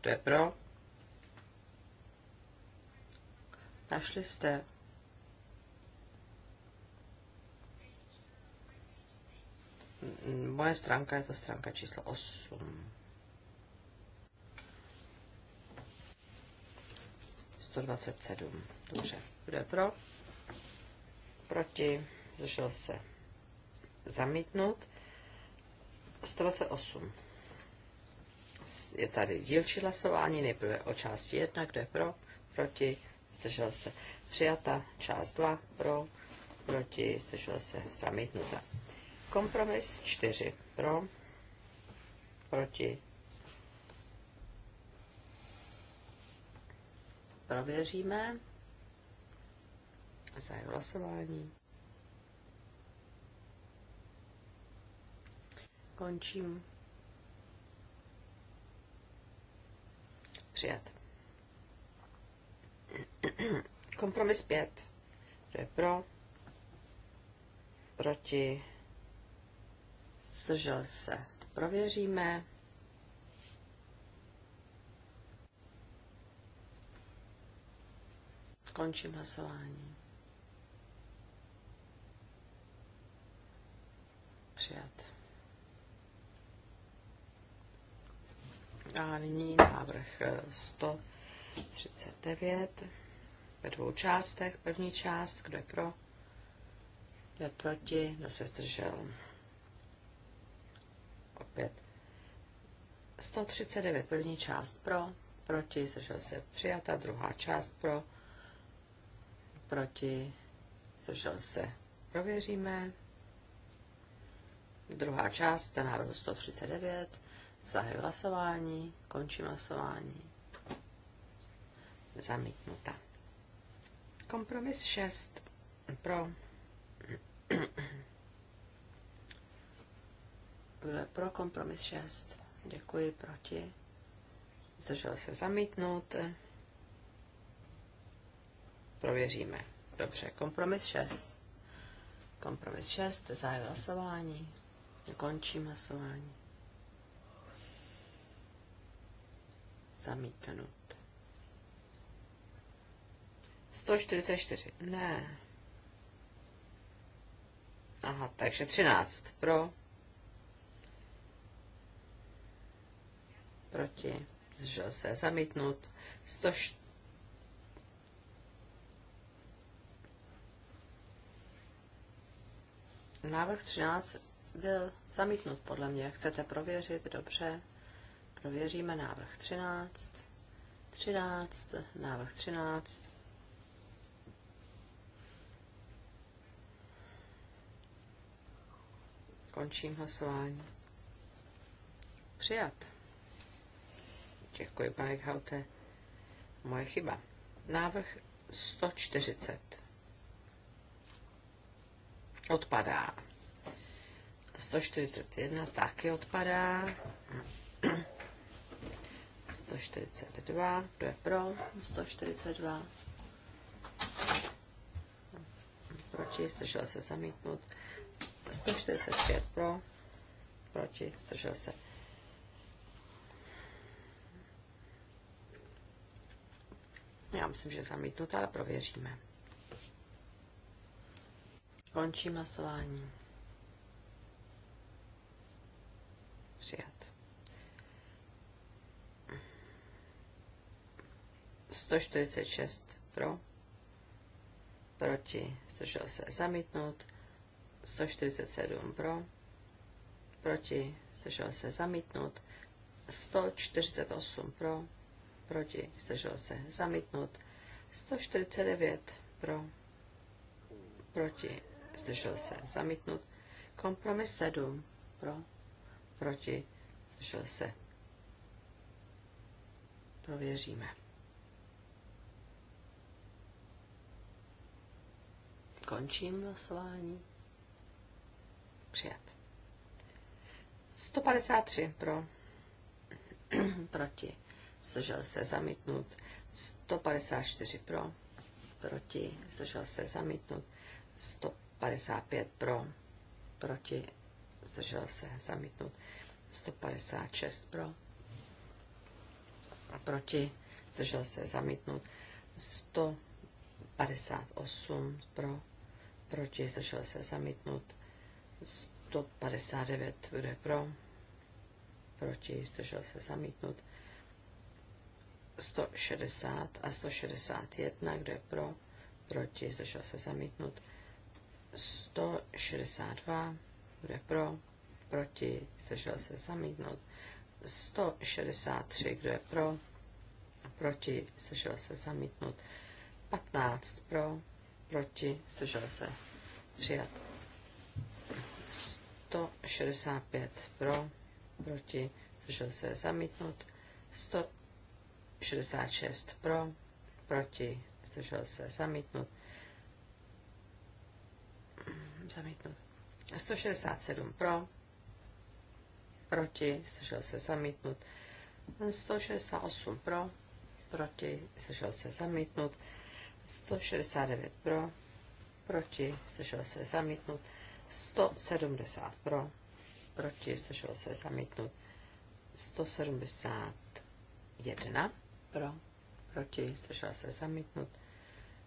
To je pro? Našli jste. Moje stránka je to stránka číslo 8. 127. Dobře. Kdo je pro? Proti. Zašel se zamítnout. 128. Je tady dílčí hlasování, nejprve o části 1, kdo je pro, proti, zdržel se přijata, část 2, pro, proti, zdržel se zamítnuta. Kompromis 4, pro, proti, prověříme, zahajuji hlasování. Končím. Přijat. Kompromis 5. To je pro? Proti? Zdržel se. Prověříme. Končím hlasování. Přijat. A nyní návrh 139 eh, ve dvou částech. První část, kdo je pro, kdo je proti, kdo se zdržel. Opět 139, první část pro, proti, zdržel se přijata, druhá část pro, proti, zdržel se. Prověříme. Druhá část, návrh 139. Zahajuji hlasování, končím hlasování. Zamítnuta. Kompromis 6 pro Kdo je pro kompromis 6? Děkuji, proti. Zdržel se zamítnout. Prověříme. Dobře, kompromis 6. Kompromis 6, zahajuji hlasování. Končím hlasování. Zamítnut. 144. Ne. Aha, takže 13 pro. Proti. Zdržel se. Zamítnut. 144. Návrh 13 byl zamítnut, podle mě. Chcete prověřit? Dobře všechno věříme, návrh 13. 13, návrh 13. Končím hlasování. Přijat. Děkuji, pane Haute. Moje chyba. Návrh 140. Odpadá. 141 taky odpadá. 142, kdo je pro? 142. Proti, zdržel se zamítnut. 145 pro, proti, zdržel se. Já myslím, že zamítnut, ale prověříme. Končím hlasování. Přijat. 146 pro, proti, zdržel se zamítnout, 147 pro, proti, zdržel se zamítnout, 148 pro, proti, zdržel se zamítnout, 149 pro, proti, zdržel se zamítnout, kompromis 7 pro, proti, zdržel se. Prověříme. Končím hlasování. Přijat. 153 pro. Proti. Zdržel se zamítnut. 154 pro. Proti. Zdržel se zamítnut. 155 pro. Proti. Zdržel se zamítnut. 156 pro. A Proti. Zdržel se zamítnut. 158 pro proti, zdržel se zamítnut. 159, bude pro, proti, zdržel se zamítnut. 160 a 161, kdo je pro, proti, zdržel se zamítnut. 162, kdo je pro, proti, zdržel se zamítnut. 163, kdo je pro, proti, zdržel se zamítnut. 15 pro, proti, zdržel se, přijat. 165 pro, proti, zdržel se, zamítnut. 166 pro, proti, zdržel se, zamítnut. Zamítnut. 167 pro, proti, zdržel se, zamítnut. 168 pro, proti, zdržel se, zamítnut. 169 pro, proti, slyšel se zamítnut, 170 pro, proti, slyšel se zamítnut, 171 pro, proti, slyšel se zamítnut,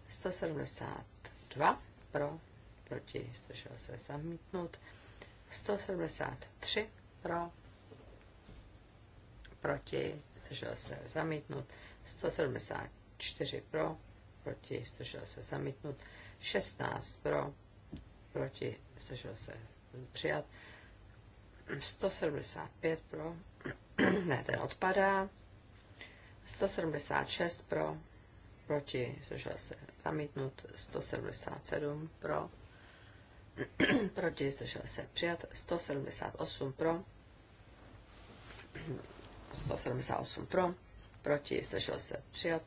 172 pro, proti, slyšel se zamítnut, 173 pro, proti, slyšel se zamítnut, 174 pro, proti, zdržel se zamítnut, 16 pro, proti, zdržel se přijat, 175 pro, ne, ten odpadá, 176 pro, proti, zdržel se zamítnut, 177 pro, proti, zdržel se přijat, 178 pro, 178 pro, proti, zdržel se přijat,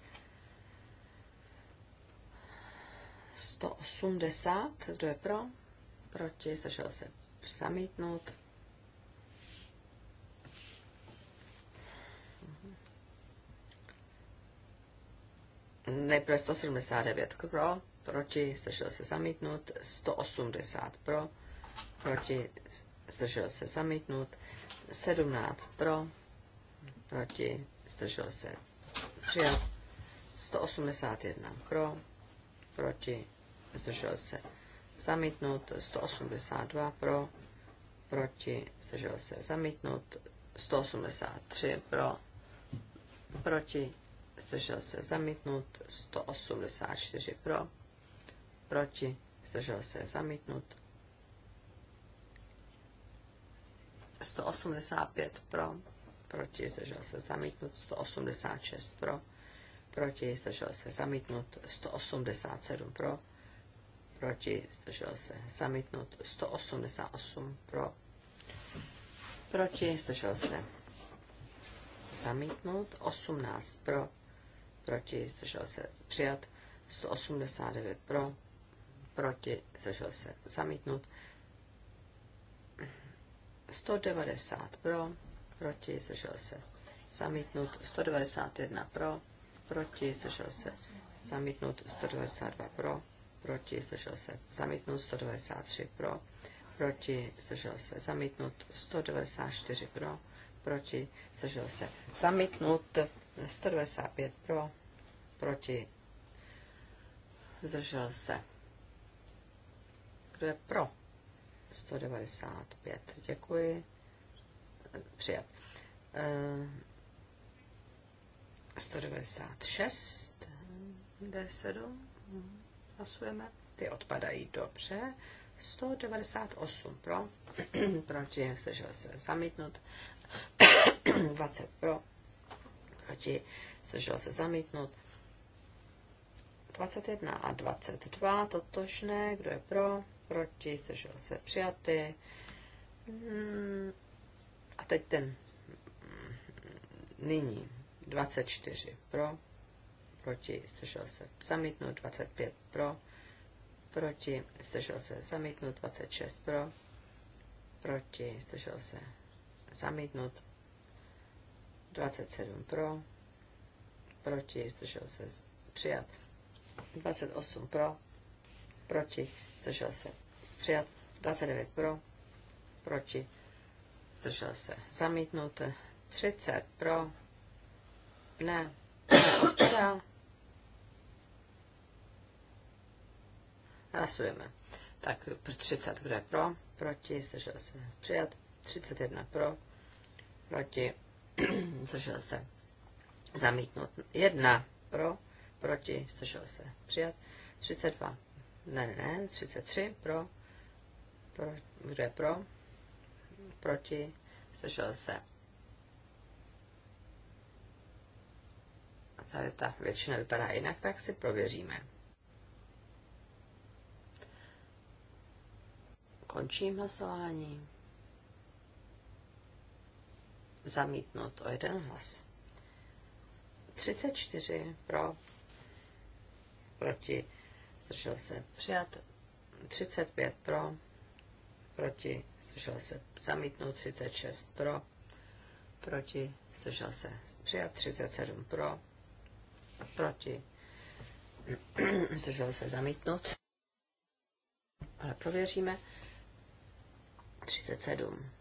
180, kdo je pro? Proti, zdržel se zamítnout. Nejprve 179 pro, proti, zdržel se zamítnout, 180 pro, proti, zdržel se zamítnout, 17 pro, proti, zdržel se přijat, 181 pro, proti, zdržel se zamítnut, 182 pro, proti, zdržel se zamítnut, 183 pro, proti, zdržel se zamítnut, 184 pro, proti, zdržel se zamítnut, 185 pro, proti, zdržel se zamítnut, 186 pro, proti, zdržel se zamítnut, 187 pro, proti, zdržel se zamítnut, 188 pro, proti, zdržel se zamítnut, 18 pro, proti, zdržel se přijat, 189 pro, proti, zdržel se zamítnut, 190 pro, proti, zdržel se zamítnut, 191 pro, proti, zdržel se zamítnut 192 pro, proti, zdržel se zamítnut 193 pro, proti, zdržel se zamítnut 194 pro, proti, zdržel se zamítnut 195 pro, proti, zdržel se. Kdo je pro? 195, děkuji. Přijat. Eh, 196, D7, hlasujeme, ty odpadají dobře. 198 pro, proti, slyšel se zamítnut, 20 pro, proti, slyšel se zamítnut, 21 a 22 totožné, kdo je pro, proti, slyšel se přijaty. Hmm. A teď ten hmm, nyní 24 pro, proti, zdržel se zamítnut, 25 pro, proti, zdržel se zamítnut, 26 pro, proti, zdržel se zamítnut, 27 pro, proti, zdržel se přijat, 28 pro, proti, zdržel se přijat, 29 pro, proti, zdržel se zamítnut, 30 pro, ne. Dál. Hlasujeme. Tak 30, kdo je pro? Proti, zdržel se. Přijat. 31 pro. Proti, zdržel se. Zamítnut. 1 pro. Proti, zdržel se. Přijat. 32. Ne, ne, ne. 33 pro. pro kdo je pro? Proti, zdržel se. tady ta většina vypadá jinak, tak si prověříme. Končím hlasování. Zamítnut o jeden hlas. 34 pro, proti, zdržel se přijat, 35 pro, proti, zdržel se zamítnout, 36 pro, proti, zdržel se přijat, 37 pro, proti, zdržel se zamítnout, ale prověříme, 37.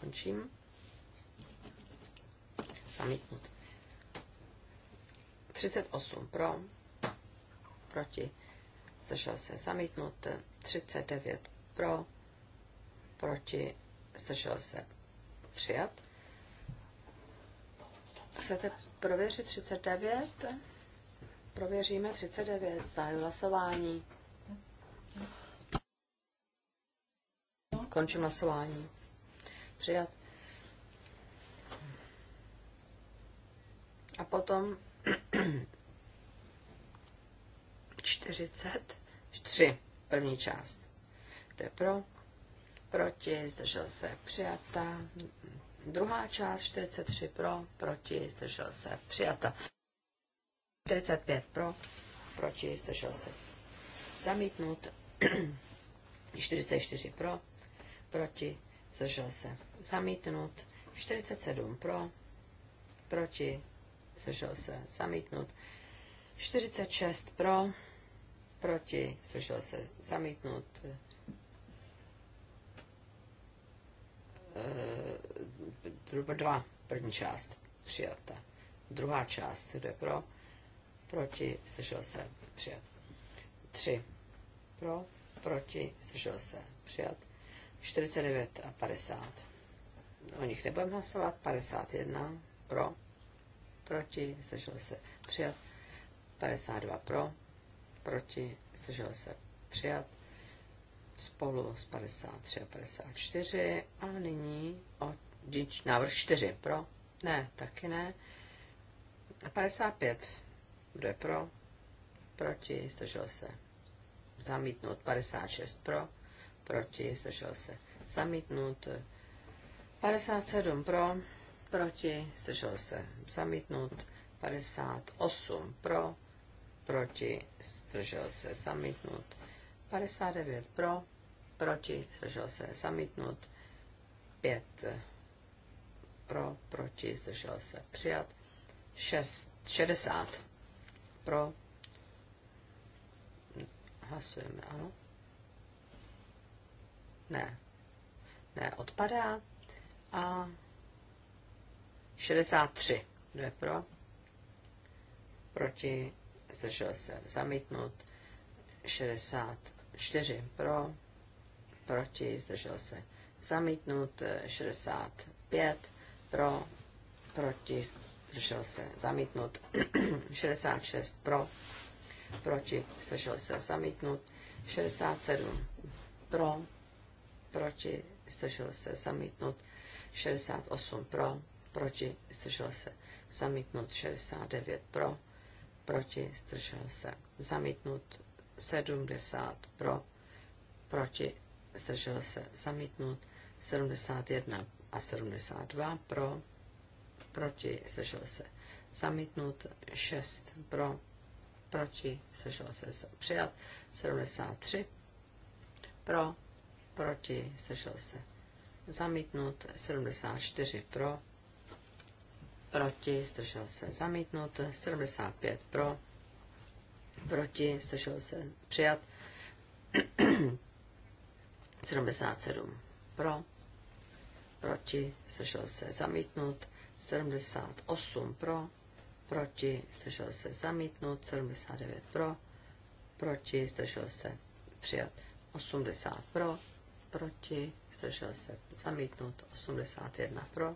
Končím. Zamítnout. 38 pro, proti, zdržel se zamítnout. 39 pro, proti, zdržel se přijat, Chcete prověřit 39? Prověříme 39. Zahajuji hlasování. Končím hlasování. Přijat. A potom 43. První část. Kdo je pro? Proti? Zdržel se přijata. Druhá část 43 pro, proti, zdržel se, přijata. 45 pro, proti, zdržel se, zamítnut. 44 pro, proti, zdržel se, zamítnut. 47 pro, proti, zdržel se, zamítnut. 46 pro, proti, zdržel se, zamítnut. zhruba dva, první část přijata. Druhá část, kdo je pro, proti, slyšel se, přijat. Tři, pro, proti, slyšel se, přijat. 49 a 50. O nich nebudeme hlasovat. 51 pro, proti, sežil se, přijat. 52 pro, proti, sežil se, přijat spolu s 53 a 54 a nyní o dič, návrh 4 pro, ne, taky ne. A 55, kdo je pro, proti, zdržel se, zamítnut, 56 pro, proti, zdržel se, zamítnut, 57 pro, proti, zdržel se, zamítnut, 58 pro, proti, zdržel se, zamítnut, 59 pro, proti, zdržel se, zamítnut. 5 eh, pro, proti, zdržel se, přijat. 6, 60 pro, hlasujeme, ano. Ne, ne, odpadá. A 63, kdo je pro? Proti, zdržel se, zamítnut. 60 4 pro, proti, zdržel se zamítnut, 65 pro, proti, zdržel se zamítnut, 66 pro, proti, zdržel se zamítnut, 67 pro, proti, zdržel se zamítnut, 68 pro, proti, zdržel se zamítnut, 69 pro, proti, zdržel se zamítnut, 70 pro, proti, zdržel se zamítnut, 71 a 72 pro, proti, zdržel se zamítnut, 6 pro, proti, zdržel se přijat, 73 pro, proti, zdržel se zamítnut, 74 pro, proti, zdržel se zamítnut, 75 pro, proti, zdržel se přijat. 77 pro, proti, zdržel se zamítnut. 78 pro, proti, zdržel se zamítnut. 79 pro, proti, zdržel se přijat. 80 pro, proti, zdržel se zamítnut. 81 pro,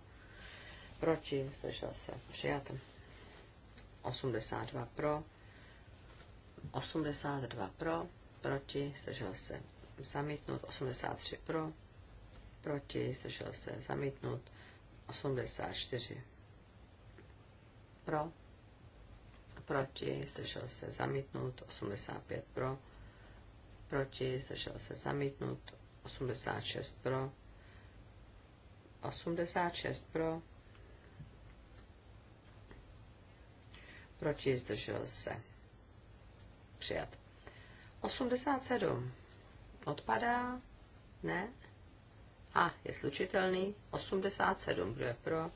proti, zdržel se přijat. 82 pro, 82 pro, proti, zdržel se zamítnout, 83 pro, proti, zdržel se zamítnout, 84 pro, proti, zdržel se zamítnout, 85 pro, proti, zdržel se zamítnout, 86 pro, 86 pro, proti, zdržel se Přijat. 87. Odpadá? Ne. A je slučitelný. 87. Kdo je pro?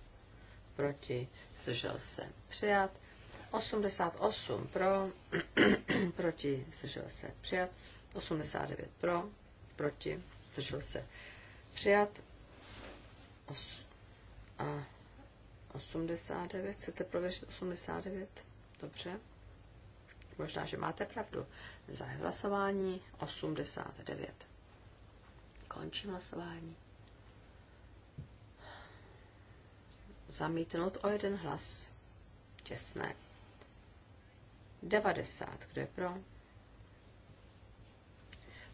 Proti. Zdržel se. Přijat. 88 pro, proti, zdržel se, přijat. 89 pro, proti, zdržel se, přijat. Os, a 89, chcete prověřit 89? Dobře. Možná, že máte pravdu. Za hlasování 89. Končím hlasování. Zamítnout o jeden hlas. Těsné. 90. Kdo je pro?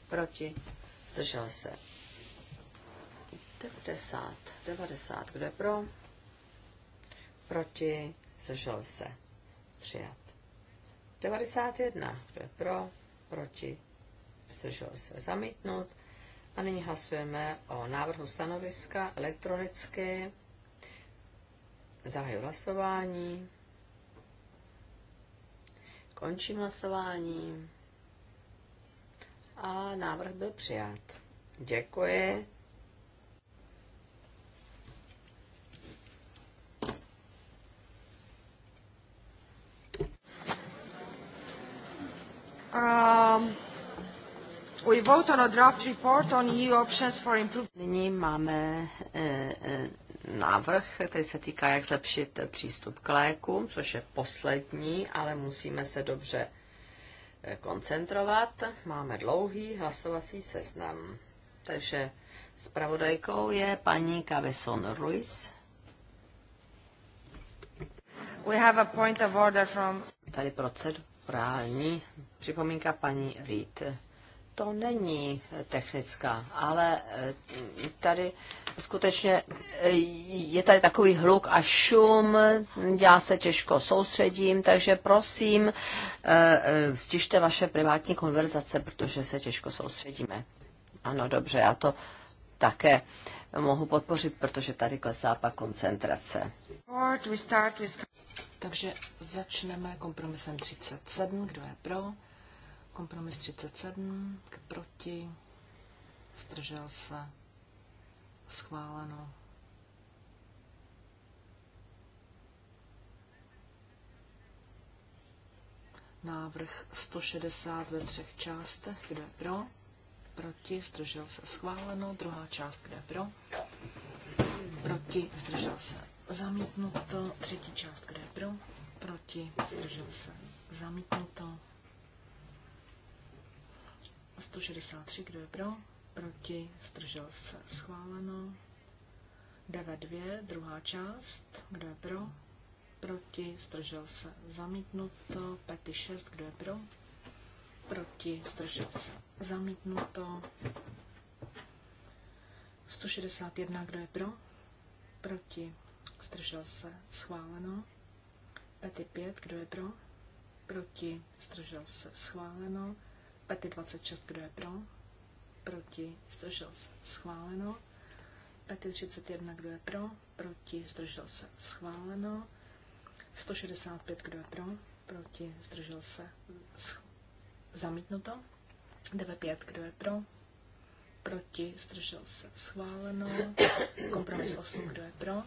Proti. Zdržel se. 90. 90. Kdo je pro? Proti. Zdržel se. Přijat. 91. Kdo je pro? Proti? Zdržel se zamítnout. A nyní hlasujeme o návrhu stanoviska elektronicky. Zahajuji hlasování. Končím hlasování. A návrh byl přijat. Děkuji. Um, we vote on a draft report on EU options for improvement. Nyní máme e, e, návrh, který se týká, jak zlepšit přístup k lékům, což je poslední, ale musíme se dobře eh, koncentrovat. Máme dlouhý hlasovací seznam. Takže zpravodajkou je paní Cabezon Ruiz. We have a point of order from... Tady procedu procedurální připomínka paní Reed. To není technická, ale eh, tady skutečně eh, je tady takový hluk a šum, já se těžko soustředím, takže prosím, stižte eh, vaše privátní konverzace, protože se těžko soustředíme. Ano, dobře, já to také mohu podpořit, protože tady klesá pak koncentrace. Takže začneme kompromisem 37. Kdo je pro? Kompromis 37. K proti? Zdržel se? Schváleno. Návrh 160 ve třech částech. Kdo je pro? proti, zdržel se schváleno, druhá část, kde pro, proti, zdržel se zamítnuto, třetí část, kde pro, proti, zdržel se zamítnuto, 163, kdo je pro, proti, zdržel se schváleno, 9.2, druhá část, kdo je pro, proti, zdržel se zamítnuto, 5.6, kdo je pro, proti, zdržel se. Zamítnuto. 161, kdo je pro, proti, zdržel se. Schváleno. Pety 5, kdo je pro, proti, zdržel se. Schváleno. Pety 26, kdo je pro, proti, zdržel se. Schváleno. Pety 31, kdo je pro, proti, zdržel se. Schváleno. 165, kdo je pro, proti, zdržel se. Schváleno Zamítnuto. 9.5. Kdo je pro? Proti. Zdržel se. Schváleno. Kompromis 8. Kdo je pro?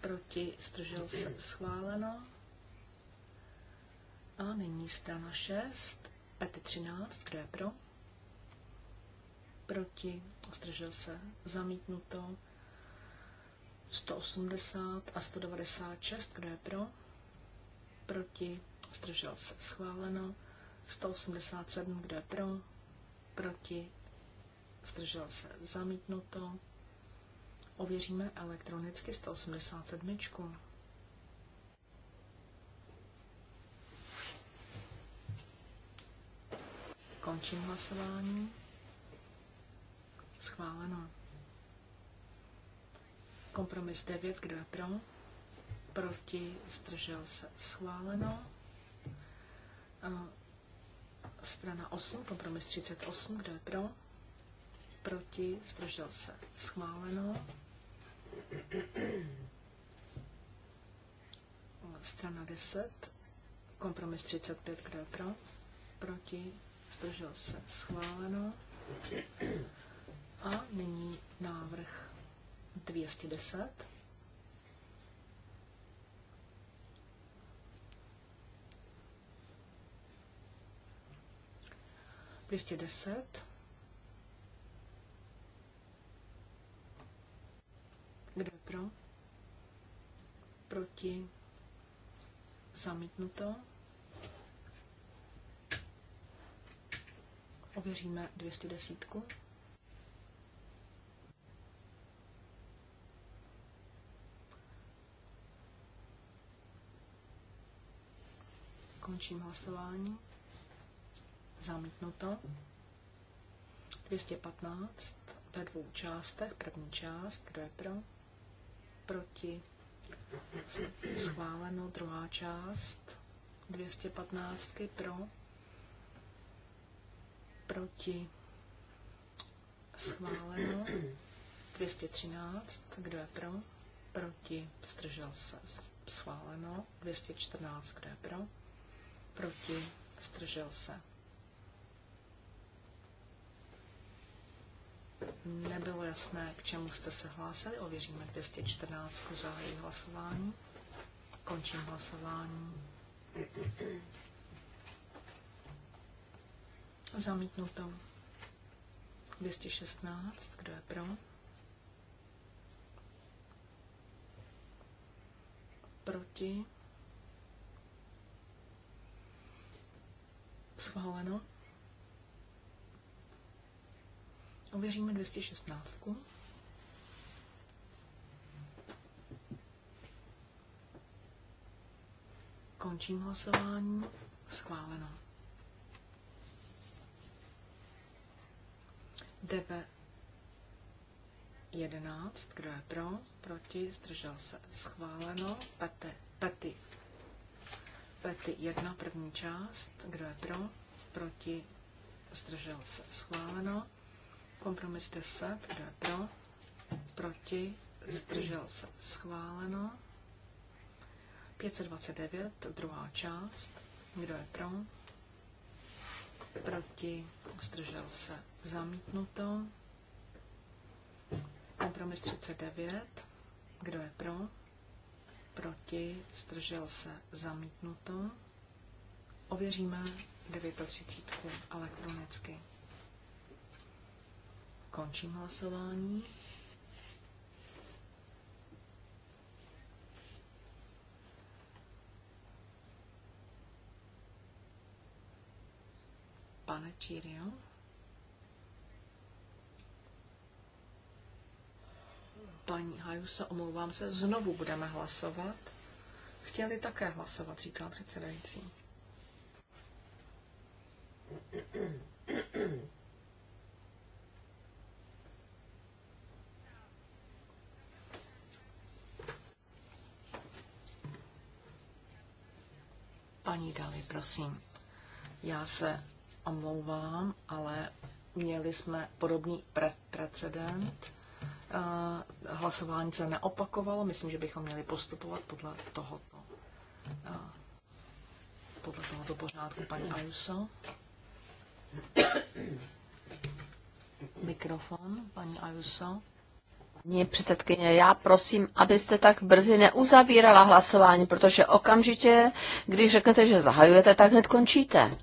Proti. Zdržel se. Schváleno. A nyní strana 6. Pety 13. Kdo je pro? Proti. Zdržel se. Zamítnuto. 180 a 196. Kdo je pro? Proti. Zdržel se. Schváleno. 187, kdo je pro, proti, zdržel se zamítnuto. Ověříme elektronicky 187. Končím hlasování. Schváleno. Kompromis 9, kdo je pro? Proti, zdržel se. Schváleno. Eh, Strana 8, kompromis 38, kdo je pro? Proti, zdržel se. Schváleno. Strana 10, kompromis 35, kdo je pro? Proti, zdržel se. Schváleno. A nyní návrh 210. 210. Kdo je pro? Proti? Zamítnuto. Ověříme 210. Končím hlasování. Zamítnuto. 215 ve dvou částech. První část, kdo je pro? Proti. Schváleno. Druhá část. 215 pro. Proti. Schváleno. 213. Kdo je pro? Proti. Zdržel se. Schváleno. 214. Kdo je pro? Proti. Zdržel se nebylo jasné, k čemu jste se hlásili. Ověříme 214, zahájí hlasování. Končím hlasování. Zamítnuto. 216, kdo je pro? Proti? Schváleno. Ověříme 216. Končím hlasování. Schváleno. DB 11. Kdo je pro? Proti? Zdržel se. Schváleno. Pety. Pety. Pety 1. První část. Kdo je pro? Proti? Zdržel se. Schváleno. Kompromis 10, kdo je pro? Proti? Zdržel se. Schváleno. 529, druhá část. Kdo je pro? Proti? Zdržel se. Zamítnuto. Kompromis 39. Kdo je pro? Proti? Zdržel se. Zamítnuto. Ověříme 39 elektronicky. Končím hlasování. Pane Čirio. Paní Hajusa, omlouvám se, znovu budeme hlasovat. Chtěli také hlasovat, říká předsedající. Paní Dali, prosím. Já se omlouvám, ale měli jsme podobný pre- precedent. Eh, hlasování se neopakovalo. Myslím, že bychom měli postupovat podle tohoto, eh, podle tohoto pořádku, paní Ayuso. Mikrofon, paní Ayuso. Paní předsedkyně, já prosím, abyste tak brzy neuzavírala hlasování, protože okamžitě, když řeknete, že zahajujete, tak hned končíte.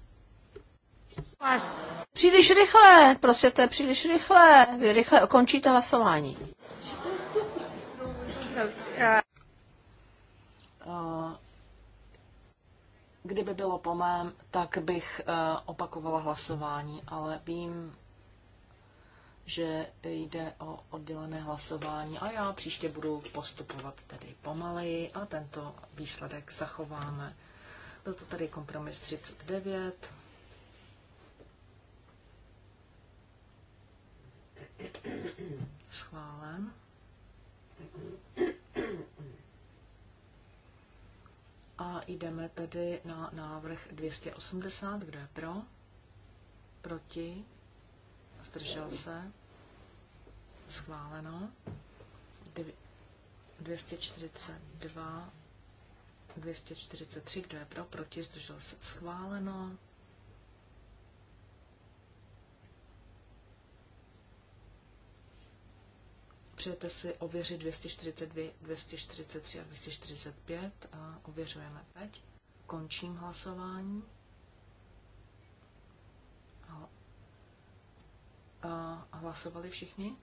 Příliš rychle, prostě to je příliš rychle. Vy rychle ukončíte hlasování. Kdyby bylo po mém, tak bych eh, opakovala hlasování, ale vím, že jde o oddělené hlasování a já příště budu postupovat tedy pomaleji a tento výsledek zachováme. Byl to tady kompromis 39. Schválen. A jdeme tedy na návrh 280. Kdo je pro? Proti? Zdržel se? schváleno. 242, 243, kdo je pro, proti, zdržel se, schváleno. Přejete si ověřit 242, 243 a 245 a ověřujeme teď. Končím hlasování. A hlasovali všichni?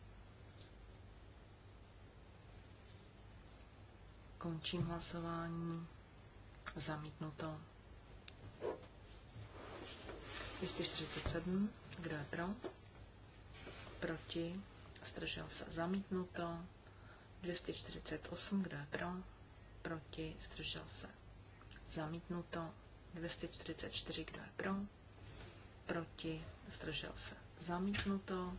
Končím hlasování. Zamítnuto. 247. Kdo je pro? Proti? Stržel se. Zamítnuto. 248. Kdo je pro? Proti? Stržel se. Zamítnuto. 244. Kdo je pro? Proti? Stržel se. Zamítnuto.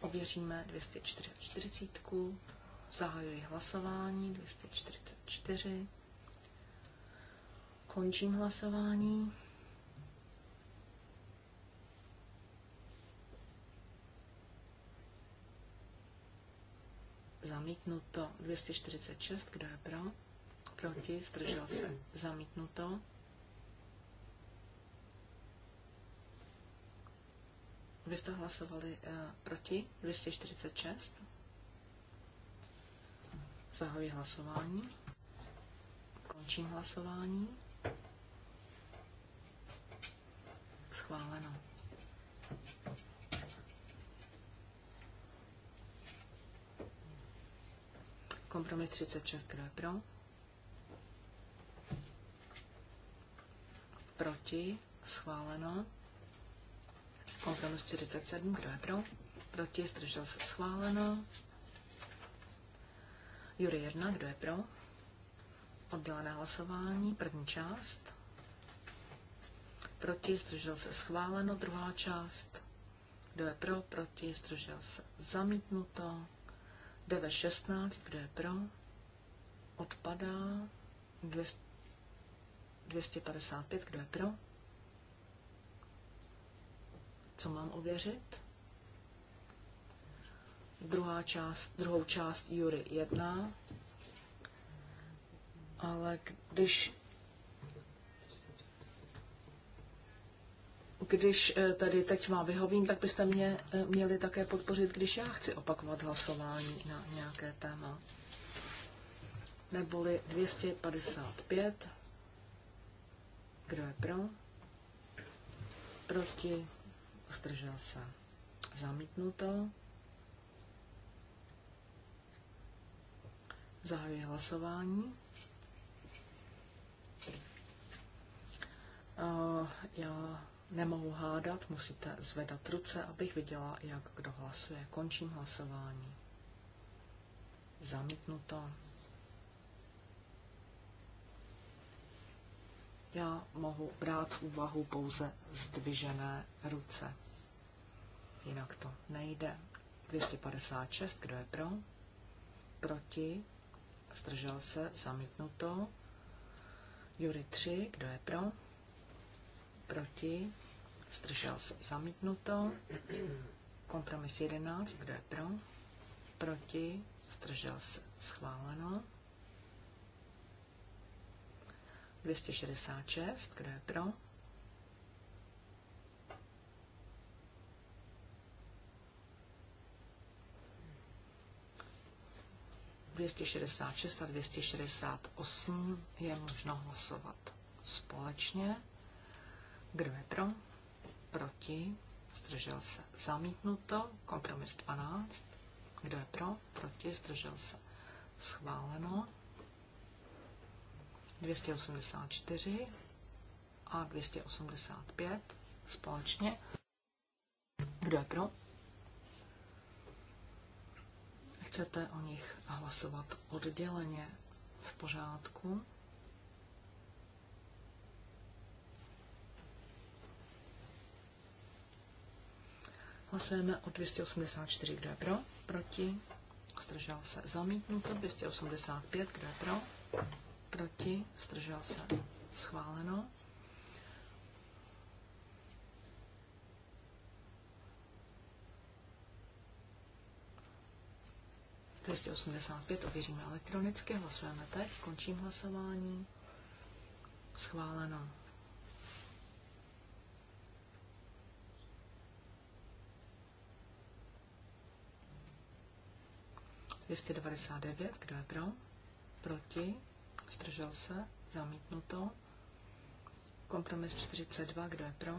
Ověříme 244. Zahajuji hlasování 244. Končím hlasování. Zamítnuto 246. Kdo je pro? Proti? Zdržel se. Zamítnuto. Vy jste hlasovali uh, proti 246? Zahajuji hlasování. Končím hlasování. Schváleno. Kompromis 36, kdo je pro? Proti? Schváleno. Kompromis 47, kdo je pro? Proti? Zdržel se? Schváleno. Jury 1, kdo je pro? Oddělené hlasování, první část. Proti, zdržel se schváleno, druhá část. Kdo je pro, proti, zdržel se zamítnuto. DV16, kdo je pro? Odpadá. 255, kdo je pro? Co mám ověřit? druhá část, druhou část Jury 1, ale když když eh, tady teď má vyhovím, tak byste mě eh, měli také podpořit, když já chci opakovat hlasování na nějaké téma. Neboli 255. Kdo je pro? Proti? Zdržel se. Zamítnuto. Zahajuji hlasování. Eh, já nemohu hádat, musíte zvedat ruce, abych viděla, jak kdo hlasuje. Končím hlasování. Zamítnuto. Já mohu brát v úvahu pouze zdvižené ruce. Jinak to nejde. 256, kdo je pro? Proti? zdržel se, zamítnuto. Jury 3, kdo je pro? Proti, zdržel se, zamítnuto. Kompromis 11, kdo je pro? Proti, zdržel se, schváleno. 266, kdo je pro? 266 a 268 je možno hlasovat společně. Kdo je pro? Proti? Zdržel se. Zamítnuto. Kompromis 12. Kdo je pro? Proti? Zdržel se. Schváleno. 284 a 285 společně. Kdo je pro? chcete o nich hlasovat odděleně v pořádku. Hlasujeme o 284, kdo je pro, proti, zdržel se zamítnuto, 285, kdo je pro, proti, zdržel se schváleno, 285 ověříme elektronicky, hlasujeme teď, končím hlasování. Schváleno. Dvěstě devadesát devět, kdo je pro? Proti? Zdržel se? Zamítnuto. Kompromis 42, kdo je pro?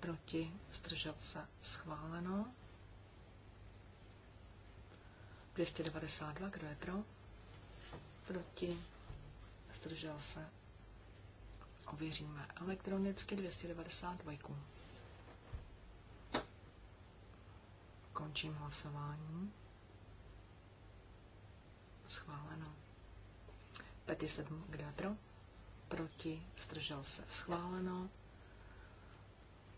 Proti? Zdržel se? Schváleno. 292, kdo je pro? Proti? Zdržel se. Ověříme elektronicky 292. Končím hlasování. Schváleno. Pety 7, kdo je pro? Proti? Zdržel se. Schváleno.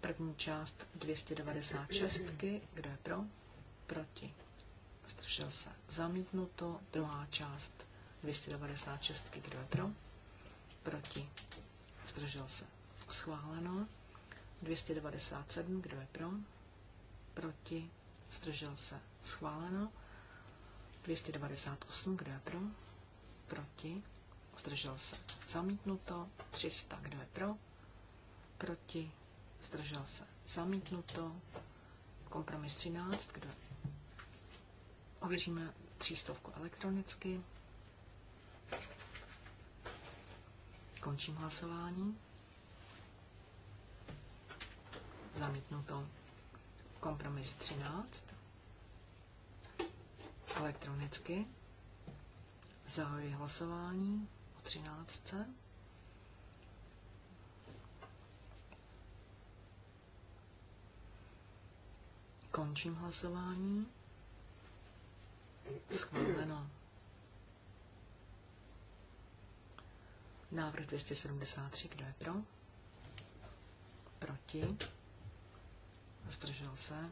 První část 296, kdo je pro? Proti zdržel se zamítnuto, druhá část 296, kg pro, proti, zdržel se schváleno, 297, kdo je pro, proti, zdržel se schváleno, 298, kdo je pro, proti, zdržel se zamítnuto, 300, kdo je pro, proti, zdržel se zamítnuto, kompromis 13, kdo je Ověříme třístovku elektronicky. Končím hlasování. Zamítnuto. Kompromis 13. Elektronicky. Zahajuji hlasování o 13. Končím hlasování. Schváleno. Návrh 273, kdo je pro? Proti? Zdržel se?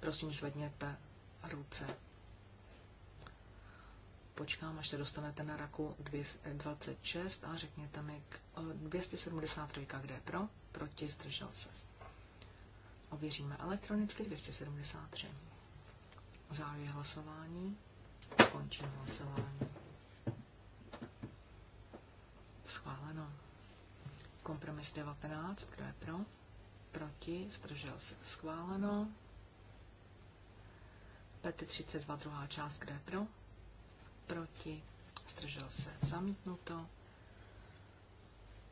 Prosím, zvedněte ruce. Počkám, až se dostanete na raku 26 a řekněte mi 273, eh, kde je pro? Proti? Zdržel se? Ověříme elektronicky 273. Zahajuji hlasování. Končím hlasování. Schváleno. Kompromis 19. Kdo je pro? Proti. Zdržel se. Schváleno. PT 32. Druhá část. Kdo je pro? Proti. Zdržel se. Zamítnuto.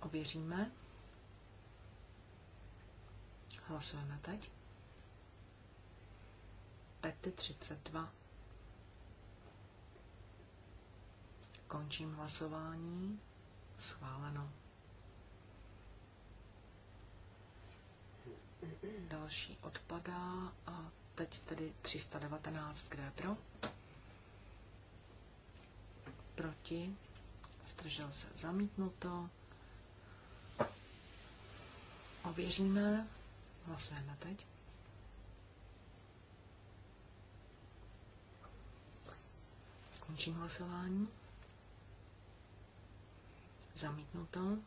Ověříme. Hlasujeme teď. Pety 32. Končím hlasování. Schváleno. Další odpadá a teď tedy 319, kde je pro? Proti. stržel se zamítnuto. Ověříme. Hlasujeme teď. Končím hlasování. Zamítnuto.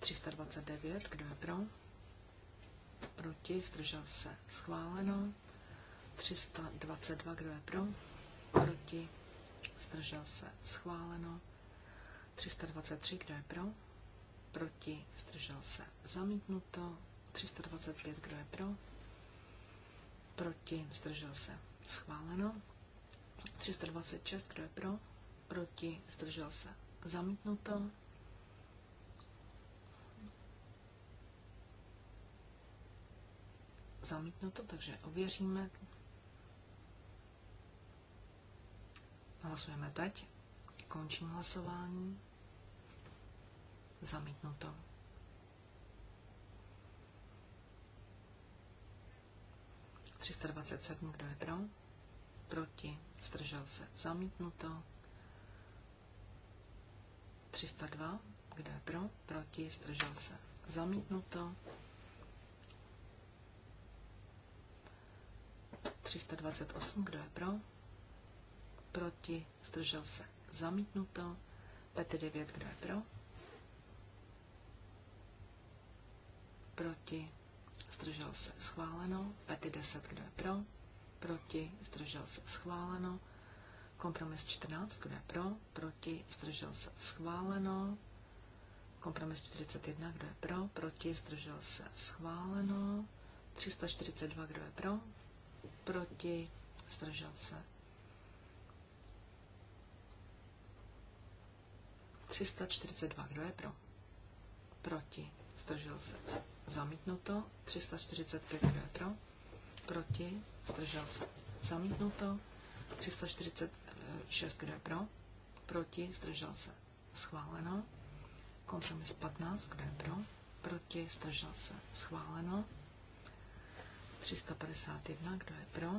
329, kdo je pro? Proti, zdržel se, schváleno. 322, kdo je pro? Proti, zdržel se, schváleno. 323, kdo je pro? Proti, zdržel se, zamítnuto. 325, kdo je pro? Proti, zdržel se, Schváleno. 326, kdo je pro? Proti, zdržel se. Zamítnuto. Zamítnuto, takže ověříme. Hlasujeme teď. Končím hlasování. Zamítnuto. 327, kdo je pro? Proti. Zdržel se. Zamítnuto. 302, kdo je pro? Proti. Zdržel se. Zamítnuto. 328, kdo je pro? Proti. Zdržel se. Zamítnuto. PT9, kdo je pro? Proti zdržel se schváleno, pety 10, kdo je pro, proti, zdržel se schváleno, kompromis 14, kdo je pro, proti, zdržel se schváleno, kompromis 41, kdo je pro, proti, zdržel se schváleno, 342, kdo je pro, proti, zdržel se 342, kdo je pro? proti, zdržel se zamítnuto, 345, kdo pro, proti, zdržel se zamítnuto, 346, kdo je pro, proti, zdržel se schváleno, kompromis 15, kdo je pro, proti, zdržel se schváleno, 351, kdo je pro,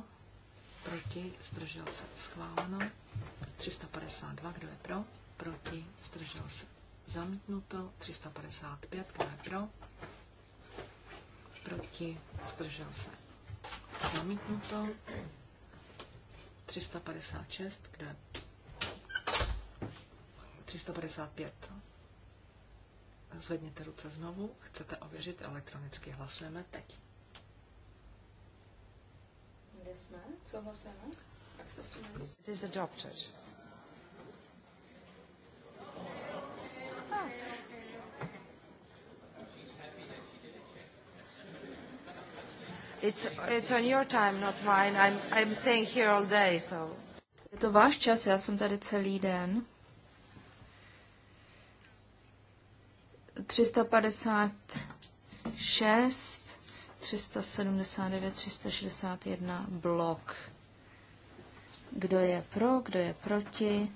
proti, zdržel se schváleno, 352, kdo je pro, proti, zdržel se Zamítnuto 355, kdo je pro? Proti, zdržel se. Zamítnuto 356, kdo je 355. Zvedněte ruce znovu, chcete ověřit, elektronicky hlasujeme teď. Kde jsme? Co hlasujeme? It is adopted. It's, it's on your time, not mine. I'm, I'm staying here all day, so... Je to váš čas, já jsem tady celý den. 356, 379, 361 blok. Kdo je pro, kdo je proti?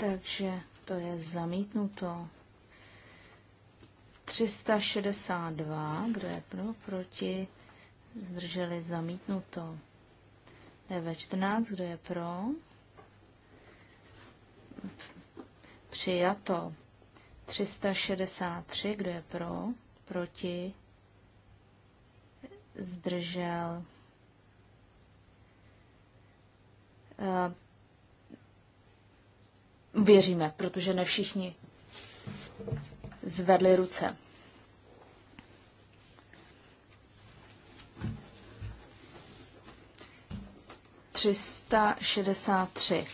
Takže to je zamítnuto. 362, kdo je pro, proti, zdrželi zamítnuto. DV14, kdo je pro, přijato. 363, kdo je pro, proti, zdržel. Eh, Věříme, protože ne všichni zvedli ruce. 363. tři.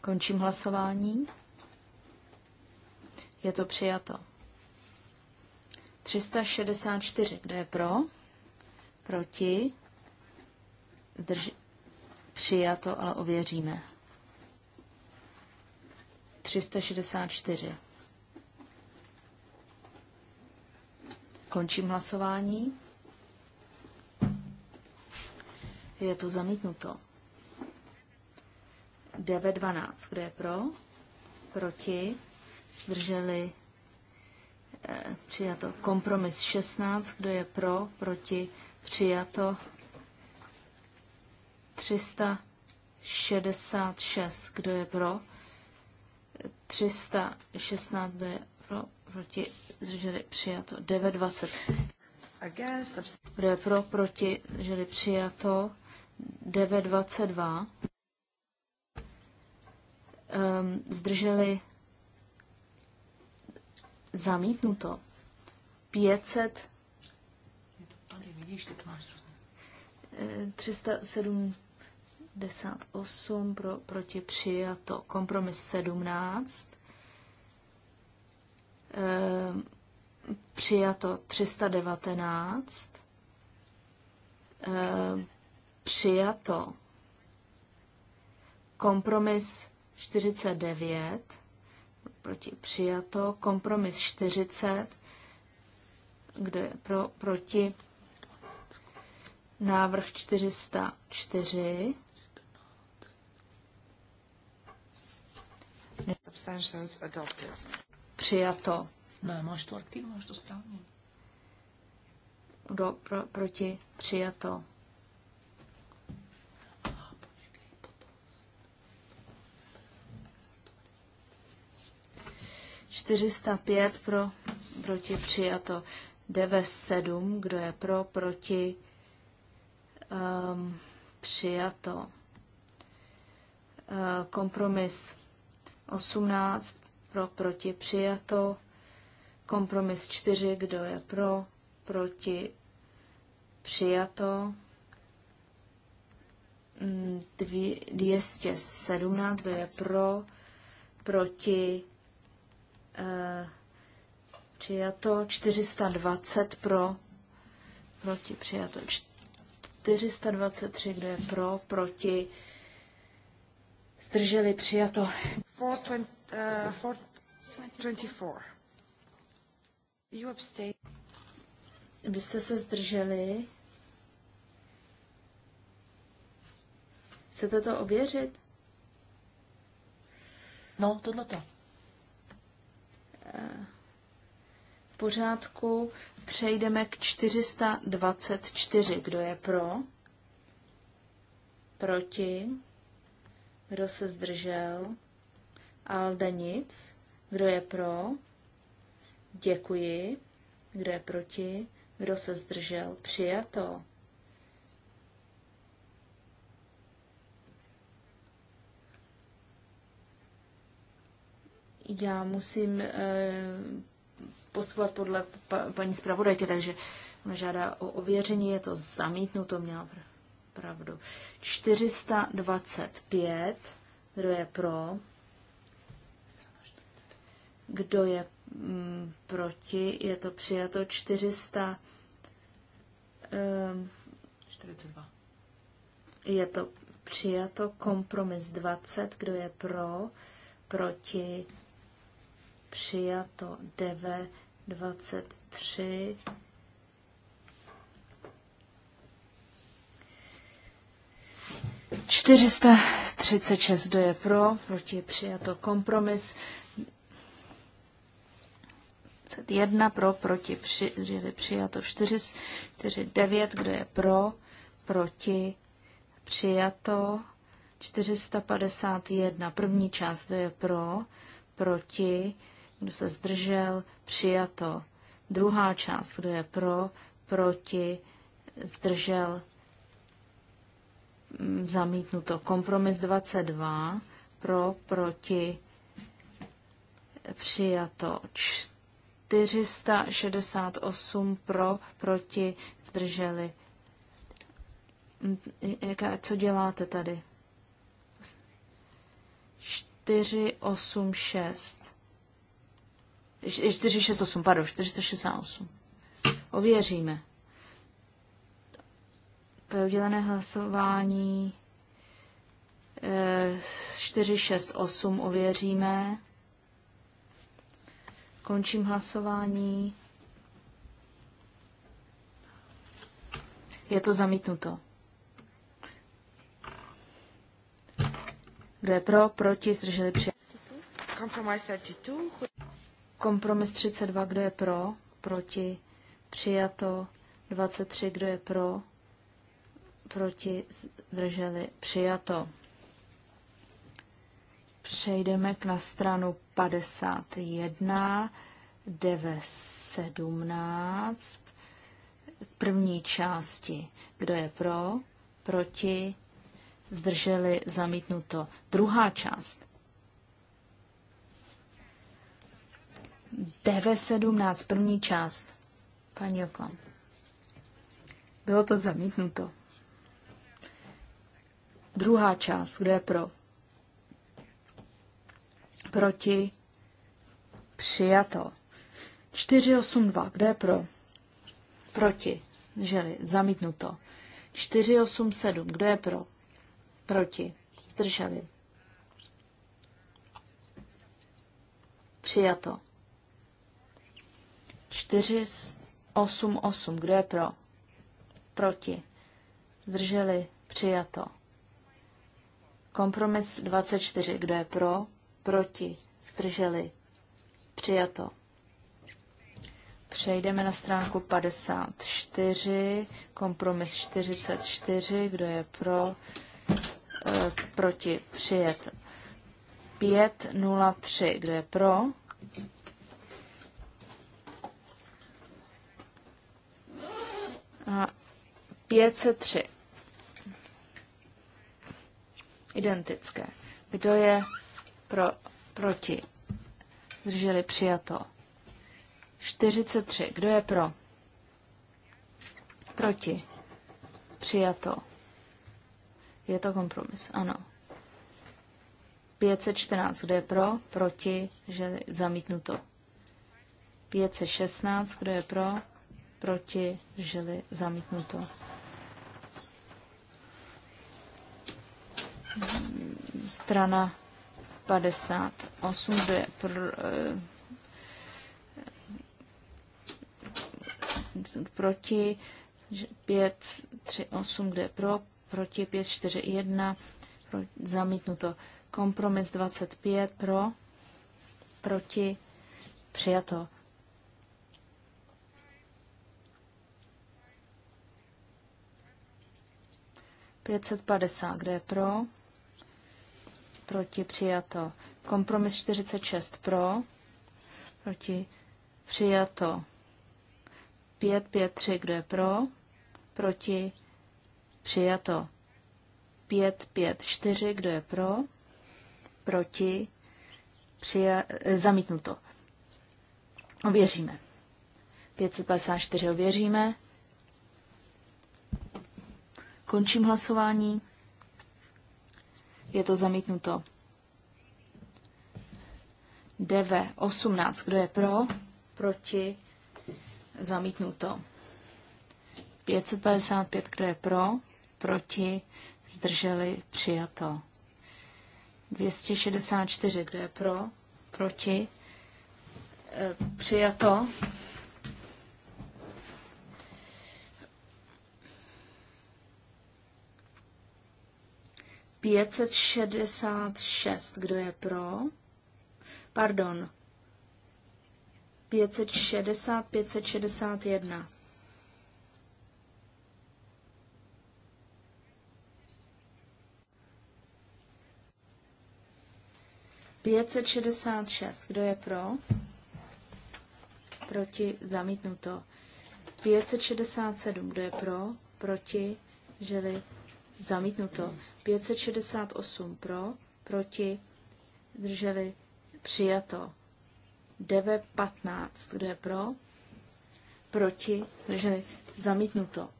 Končím hlasování. Je to přijato. 364. Kdo je pro? Proti? Drž... Přijato, ale ověříme. 364. Končím hlasování. Je to zamítnuto. 9.12. Kdo je pro? Proti? Drželi? Eh, přijato. Kompromis 16. Kdo je pro? Proti? Přijato. 366. Kdo je pro? 316 je pro, proti, zdrželi přijato. 920. Kdo pro, proti, zdrželi přijato. 922. Um, ehm, zdrželi zamítnuto. 500. Je to tady, vidíš, teď máš 307 58 pro, proti přijato. Kompromis 17. E, ehm, přijato 319. E, ehm, přijato kompromis 49. Proti přijato. Kompromis 40. Kde pro, proti návrh 404 Abstentions adopted. Přijato. Ne, máš tu aktiv, máš to správně. Kdo pro, proti? Přijato. Čtyřista pět pro, proti přijato. Deve sedm, kdo je pro, proti um, přijato. Uh, kompromis 18 pro, proti, přijato. Kompromis 4, kdo je pro, proti, přijato. 217, mm, kdo je pro, proti, eh, přijato. 420 pro, proti, přijato. 423, kdo je pro, proti, Zdrželi přijato. 424. Uh, Vy jste se zdrželi. Chcete to ověřit? No, to. Eh, v pořádku. Přejdeme k 424. Kdo je pro? Proti? Kdo se zdržel? alda nic. Kdo je pro? Děkuji. Kdo je proti? Kdo se zdržel? Přijato. Já musím eh, postupovat podle pa, paní zpravodajky, takže ona žádá o ověření, je to zamítnuto, měla pravdu. 425, kdo je pro, kdo je mm, proti, je to přijato 400. Um, 42. Je to přijato kompromis 20, kdo je pro, proti, přijato 9, 23, 436, do je pro, proti přijato kompromis. 1 pro, proti při, přijato 449, kdo je pro, proti přijato 451. První část, kdo je pro, proti, kdo se zdržel, přijato. Druhá část, kdo je pro, proti, zdržel, Mm, zamítnuto. Kompromis 22 pro, proti, přijato 468 pro, proti, zdrželi. Mm, jaká, co děláte tady? 486. 468, pardon, 468. Ověříme je Udělené hlasování 4, 6, 8, ověříme. Končím hlasování. Je to zamítnuto. Kdo je pro, proti, zdrželi při. Kompromis 32, kdo je pro, proti, přijato. 23, kdo je pro, proti, zdrželi, přijato. Přejdeme k na stranu 51, 917, první části. Kdo je pro, proti, zdrželi, zamítnuto. Druhá část. 917, první část. Paní Oklam. Bylo to zamítnuto. Druhá část, kdo je pro? Proti? Přijato. 482, kdo je pro? Proti. Želi, zamítnuto. 487, kdo je pro? Proti. Zdrželi. Přijato. 488, kdo je pro? Proti. Zdrželi. Přijato. Kompromis 24. Kdo je pro? Proti? Zdrželi? Přijato. Přejdeme na stránku 54, kompromis 44, kdo je pro, e, proti, přijat. 503, kdo je pro, a 503 identické. Kdo je pro, proti? Zdrželi přijato. 43. Kdo je pro? Proti. Přijato. Je to kompromis, ano. 514, kdo je pro, proti, že zamítnuto. 516, kdo je pro, proti, žili zamítnuto. strana 58, kde pr, e, eh, proti 5, 3, 8, kde pro, proti 5, 4, 1, pro, zamítnuto. Kompromis 25 pro, proti, přijato. Pětset padesát, kde je pro? proti přijato. Kompromis 46 pro, proti přijato. 5, 5, 3, kdo je pro, proti přijato. 5, 5, 4, kdo je pro, proti přija- eh, zamítnuto. Ověříme. 554 ověříme. Končím hlasování. Je to zamítnuto. DV 18. Kdo je pro? Proti? Zamítnuto. 555. Kdo je pro? Proti? Zdrželi? Přijato. 264. Kdo je pro? Proti? E, přijato. 566, kdo je pro? Pardon. 560, 561. Pětset šedesát šest. Kdo je pro? Proti zamítnuto. Pětset šedesát sedm. Kdo je pro? Proti Želi. Zamítnuto. 568 pro, proti, drželi, přijato. 915, kdo je pro, proti, drželi, zamítnuto.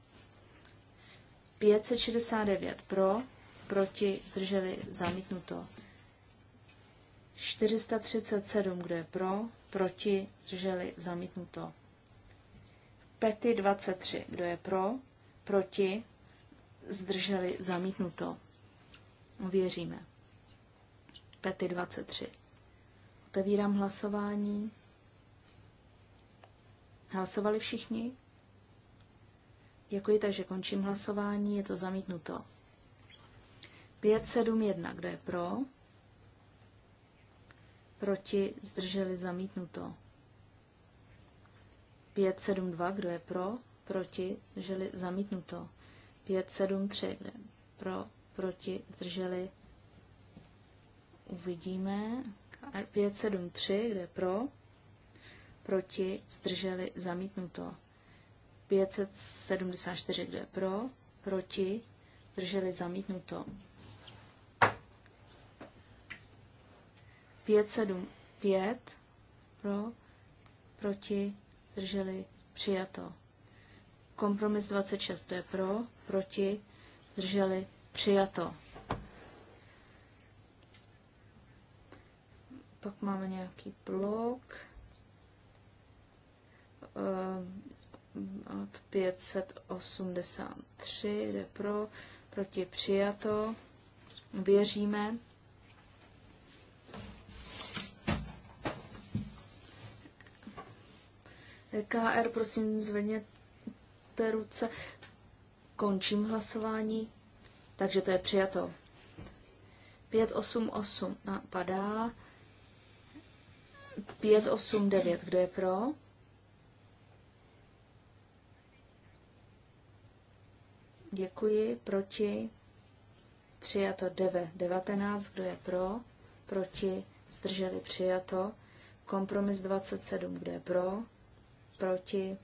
569 pro, proti, drželi, zamítnuto. 437, kdo je pro, proti, drželi, zamítnuto. Pety 23, kdo je pro, proti, zdrželi zamítnuto. Věříme. Pety 23. Otevírám hlasování. Hlasovali všichni? Děkuji, takže končím hlasování, je to zamítnuto. 5, 7, 1. kdo je pro? Proti zdrželi zamítnuto. 5, 7, 2. kdo je pro? Proti zdrželi zamítnuto. 5-7-3 pro, proti, zdrželi, uvidíme. 5-7-3, kde pro, proti, zdrželi, zamítnuto. 574, kde pro, proti, zdrželi, zamítnuto. 575, pro, proti, zdrželi, přijato. Kompromis 26, kde pro, proti, zdrželi, přijato. Pak máme nějaký blok ehm, od 583, jde pro, proti přijato, věříme. E KR, prosím, zvedněte ruce. Končím hlasování. Takže to je přijato. 588 padá. 589, kdo je pro? Děkuji, proti. Přijato 9, 19, kdo je pro? Proti, zdrželi přijato. Kompromis 27, kdo je pro? Proti,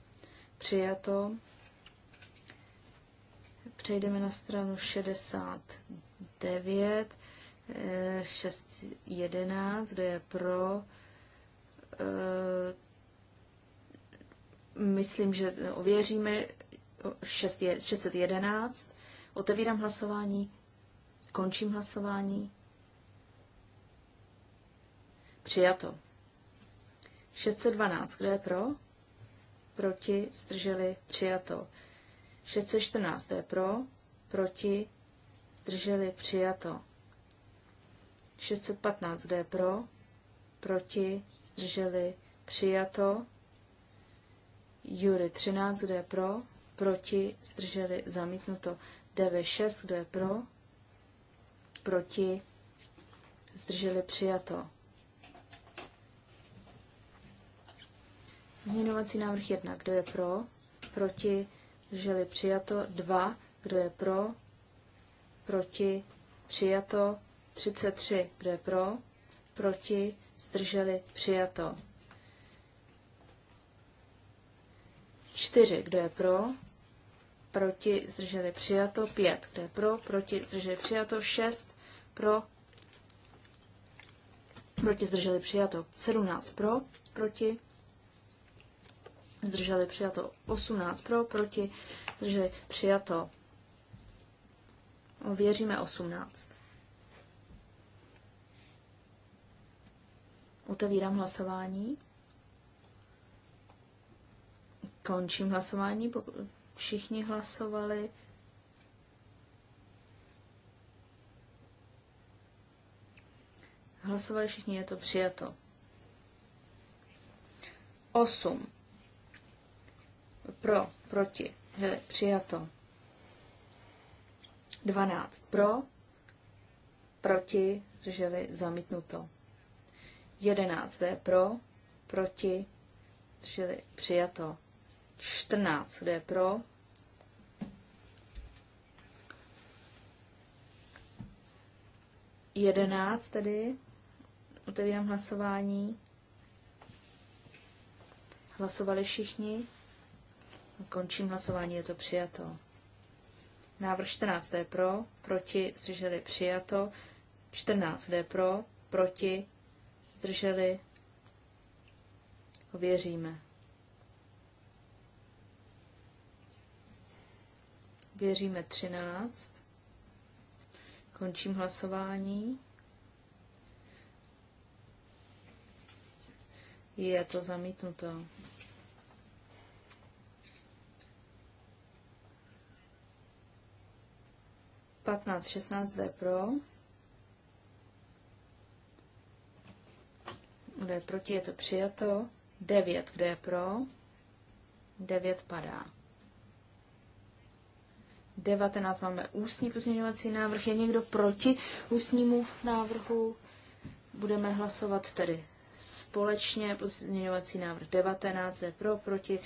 přijato. Přejdeme na stranu 69, 6, 11, kde je pro. Eh, myslím, že ověříme 6, 611. Otevírám hlasování, končím hlasování. Přijato. 612, kdo je pro? Proti, zdrželi, přijato. 614 je pro, proti, zdrželi, přijato. 615 je pro, proti, zdrželi, přijato. Jury 13, kdo je pro, proti, zdrželi, zamítnuto. DV6, kdo je pro, proti, zdrželi, přijato. Změnovací návrh 1, kdo je pro, proti, zdrželi přijato 2, kdo je pro, proti, přijato 33, kdo je pro, proti, zdrželi přijato 4, kdo je pro, proti, zdrželi přijato 5, kdo je pro, proti, zdrželi přijato 6, pro, proti, zdrželi přijato 17, pro, proti, zdrželi přijato 18 pro, proti, zdrželi přijato, věříme 18. Otevírám hlasování. Končím hlasování. Všichni hlasovali. Hlasovali všichni, je to přijato. 8 pro, proti, hele, přijato. 12 pro, proti, drželi zamítnuto. 11 je pro, proti, drželi přijato. 14 je pro, Jedenáct tedy, otevírám hlasování. Hlasovali všichni. Končím hlasování, je to přijato. Návrh 14 je pro, proti, zdrželi přijato. 14 je pro, proti, zdrželi. Ověříme. Věříme 13. Končím hlasování. Je to zamítnuto. 15, 16 D pro. Kdo je proti, je to přijato. 9, kde je pro. 9 padá. 19 máme ústní pozměňovací návrh. Je někdo proti ústnímu návrhu? Budeme hlasovat tedy společně. Pozměňovací návrh 19, je pro, proti,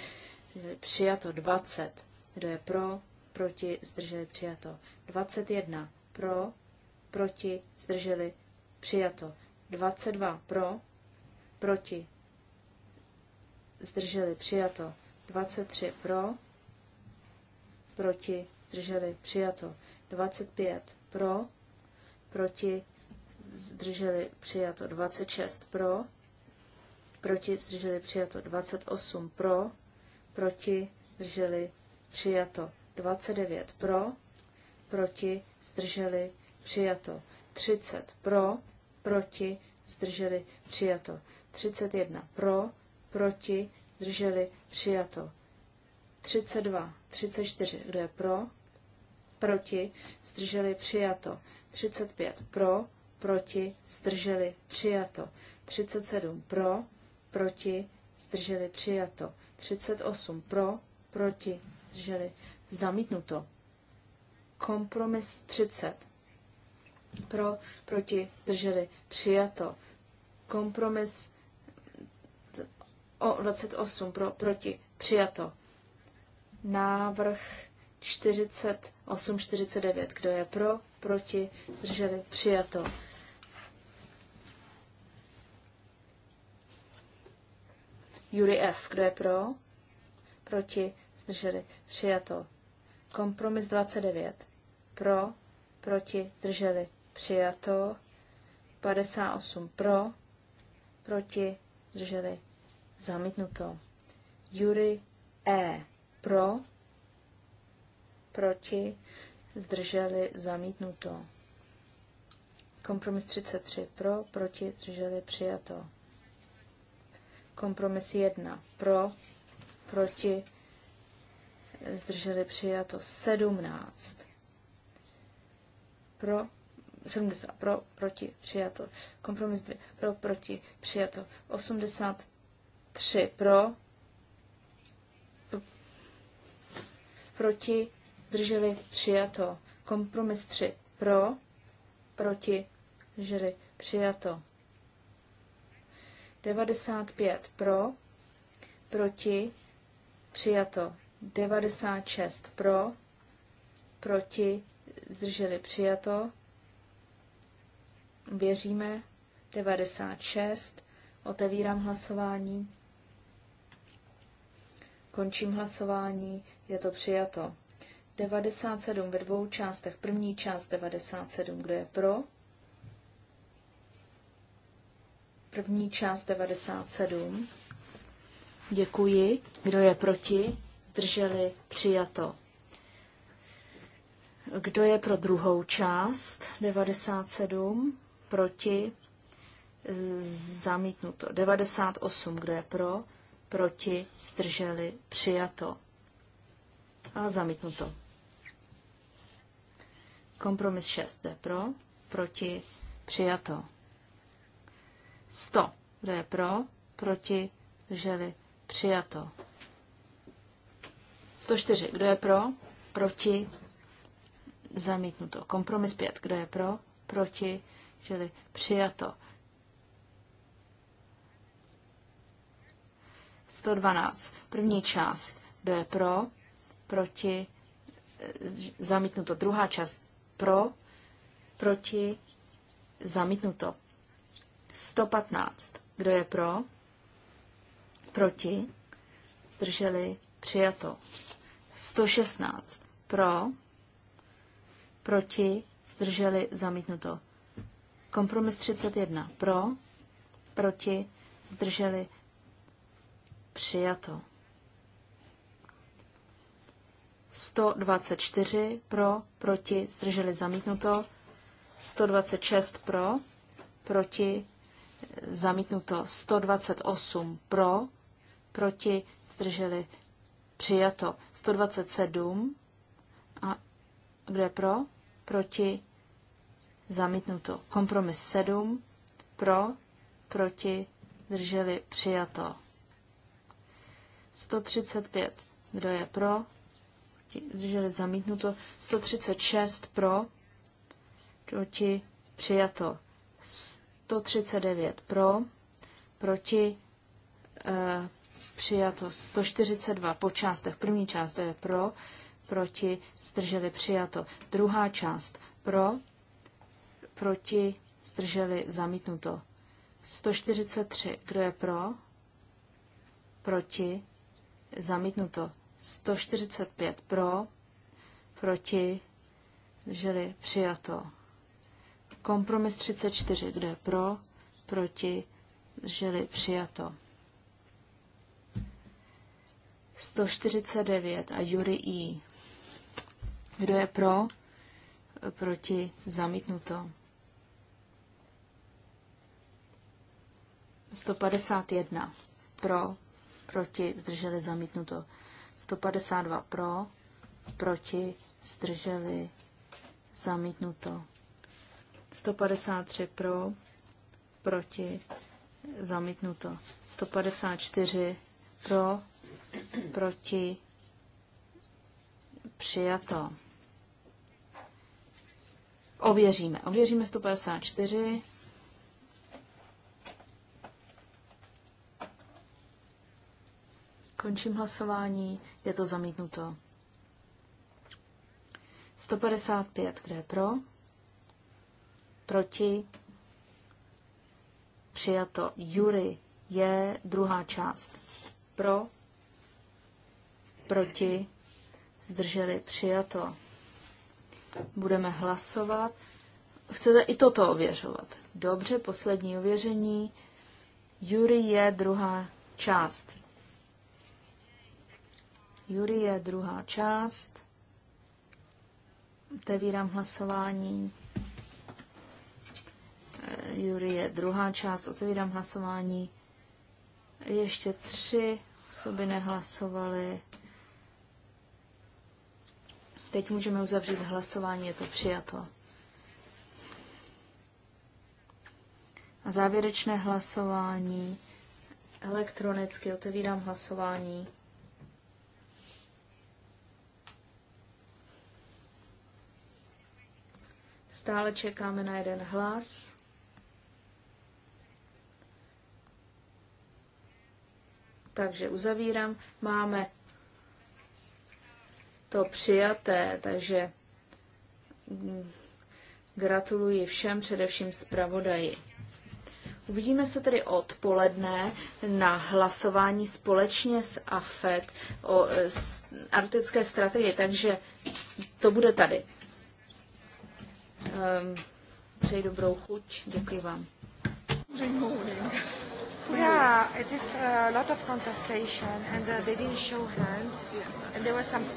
přijato 20. Kdo je pro, proti, zdrželi, přijato. 21 pro, proti, zdrželi, přijato. 22 pro, proti, zdrželi, přijato. 23 pro, proti, zdrželi, přijato. 25 pro, proti, zdrželi, přijato. 26 pro, proti, zdrželi, přijato. 28 pro, proti, zdrželi, přijato. 29 pro, proti, zdrželi, přijato. 30 pro, proti, zdrželi, přijato. 31 pro, proti, zdrželi, přijato. 32, 34, kdo je pro, proti, zdrželi, přijato. 35 pro, proti, zdrželi, přijato. 37 pro, proti, zdrželi, přijato. 38 pro, proti, zdrželi, Zamítnuto. Kompromis 30. Pro, proti, zdrželi, přijato. Kompromis 28 pro, proti, přijato. Návrh 48, 49. Kdo je pro, proti, zdrželi, přijato. Juri F. Kdo je pro? Proti? Zdrželi. Přijato. Kompromis 29. Pro, proti, zdrželi, přijato. 58 pro, proti, zdrželi, zamítnuto. Jury E. Pro, proti, zdrželi, zamítnuto. Kompromis 33 pro, proti, zdrželi, přijato. Kompromis 1 pro, proti, zdrželi přijato 17. Pro 70 pro, proti přijato. Kompromis 2 pro, proti přijato. 83 pro, proti drželi přijato. Kompromis 3 pro, proti drželi přijato. 95 pro, proti přijato. 96 pro, proti, zdrželi přijato. Věříme 96. Otevírám hlasování. Končím hlasování. Je to přijato. 97 ve dvou částech. První část 97. Kdo je pro? První část 97. Děkuji. Kdo je proti? zdrželi, přijato. Kdo je pro druhou část? 97. Proti? Zamítnuto. 98. Kdo je pro? Proti? Zdrželi? Přijato. A zamítnuto. Kompromis 6. Kdo je pro? Proti? Přijato. 100. Kdo je pro? Proti? Zdrželi? Přijato. 104. Kdo je pro? Proti? Zamítnuto. Kompromis 5. Kdo je pro? Proti? Čili přijato. 112. První část. Kdo je pro? Proti? Zamítnuto. Druhá část. Pro? Proti? Zamítnuto. 115. Kdo je pro? Proti? Zdrželi? Přijato. 116 pro, proti, zdrželi, zamítnuto. Kompromis 31 pro, proti, zdrželi, přijato. 124 pro, proti, zdrželi, zamítnuto. 126 pro, proti, zamítnuto. 128 pro, proti, zdrželi, Přijato 127. A kdo je pro? Proti? Zamítnuto. Kompromis 7. Pro? Proti? Drželi? Přijato. 135. Kdo je pro? Drželi? Zamítnuto. 136. Pro? Proti? Přijato. 139. Pro? Proti? Eh, přijato 142 po částech. První část to je pro, proti, zdrželi přijato. Druhá část pro, proti, zdrželi zamítnuto. 143, kdo je pro, proti, zamítnuto. 145 pro, proti, zdrželi přijato. Kompromis 34, kdo je pro, proti, zdrželi přijato. 149 a Jury I. Kdo je pro? Proti zamítnuto. 151 pro, proti, zdrželi zamítnuto. 152 pro, proti, zdrželi zamítnuto. 153 pro, proti, zamítnuto. 154 pro, proti, přijato. Ověříme. Ověříme 154. Končím hlasování. Je to zamítnuto. 155. Kde je pro? Proti? Přijato. Jury je druhá část. Pro? proti, zdrželi, přijato. Budeme hlasovat. Chcete i toto ověřovat? Dobře, poslední ověření. Jury je druhá část. Jury je druhá část. Otevírám hlasování. Eh, jury je druhá část. Otevírám hlasování. Ještě tři osoby nehlasovaly. Teď můžeme uzavřít hlasování, je to přijato. A závěrečné hlasování. Elektronicky otevírám hlasování. Stále čekáme na jeden hlas. Takže uzavírám. Máme to přijaté, takže mm, gratuluji všem, především zpravodaji. Uvidíme se tedy odpoledne na hlasování společně s AFET o e, s, arktické strategii, takže to bude tady. Um, přeji dobrou chuť, děkuji vám. Yeah, it is a lot of contestation and uh, they didn't show hands and there was some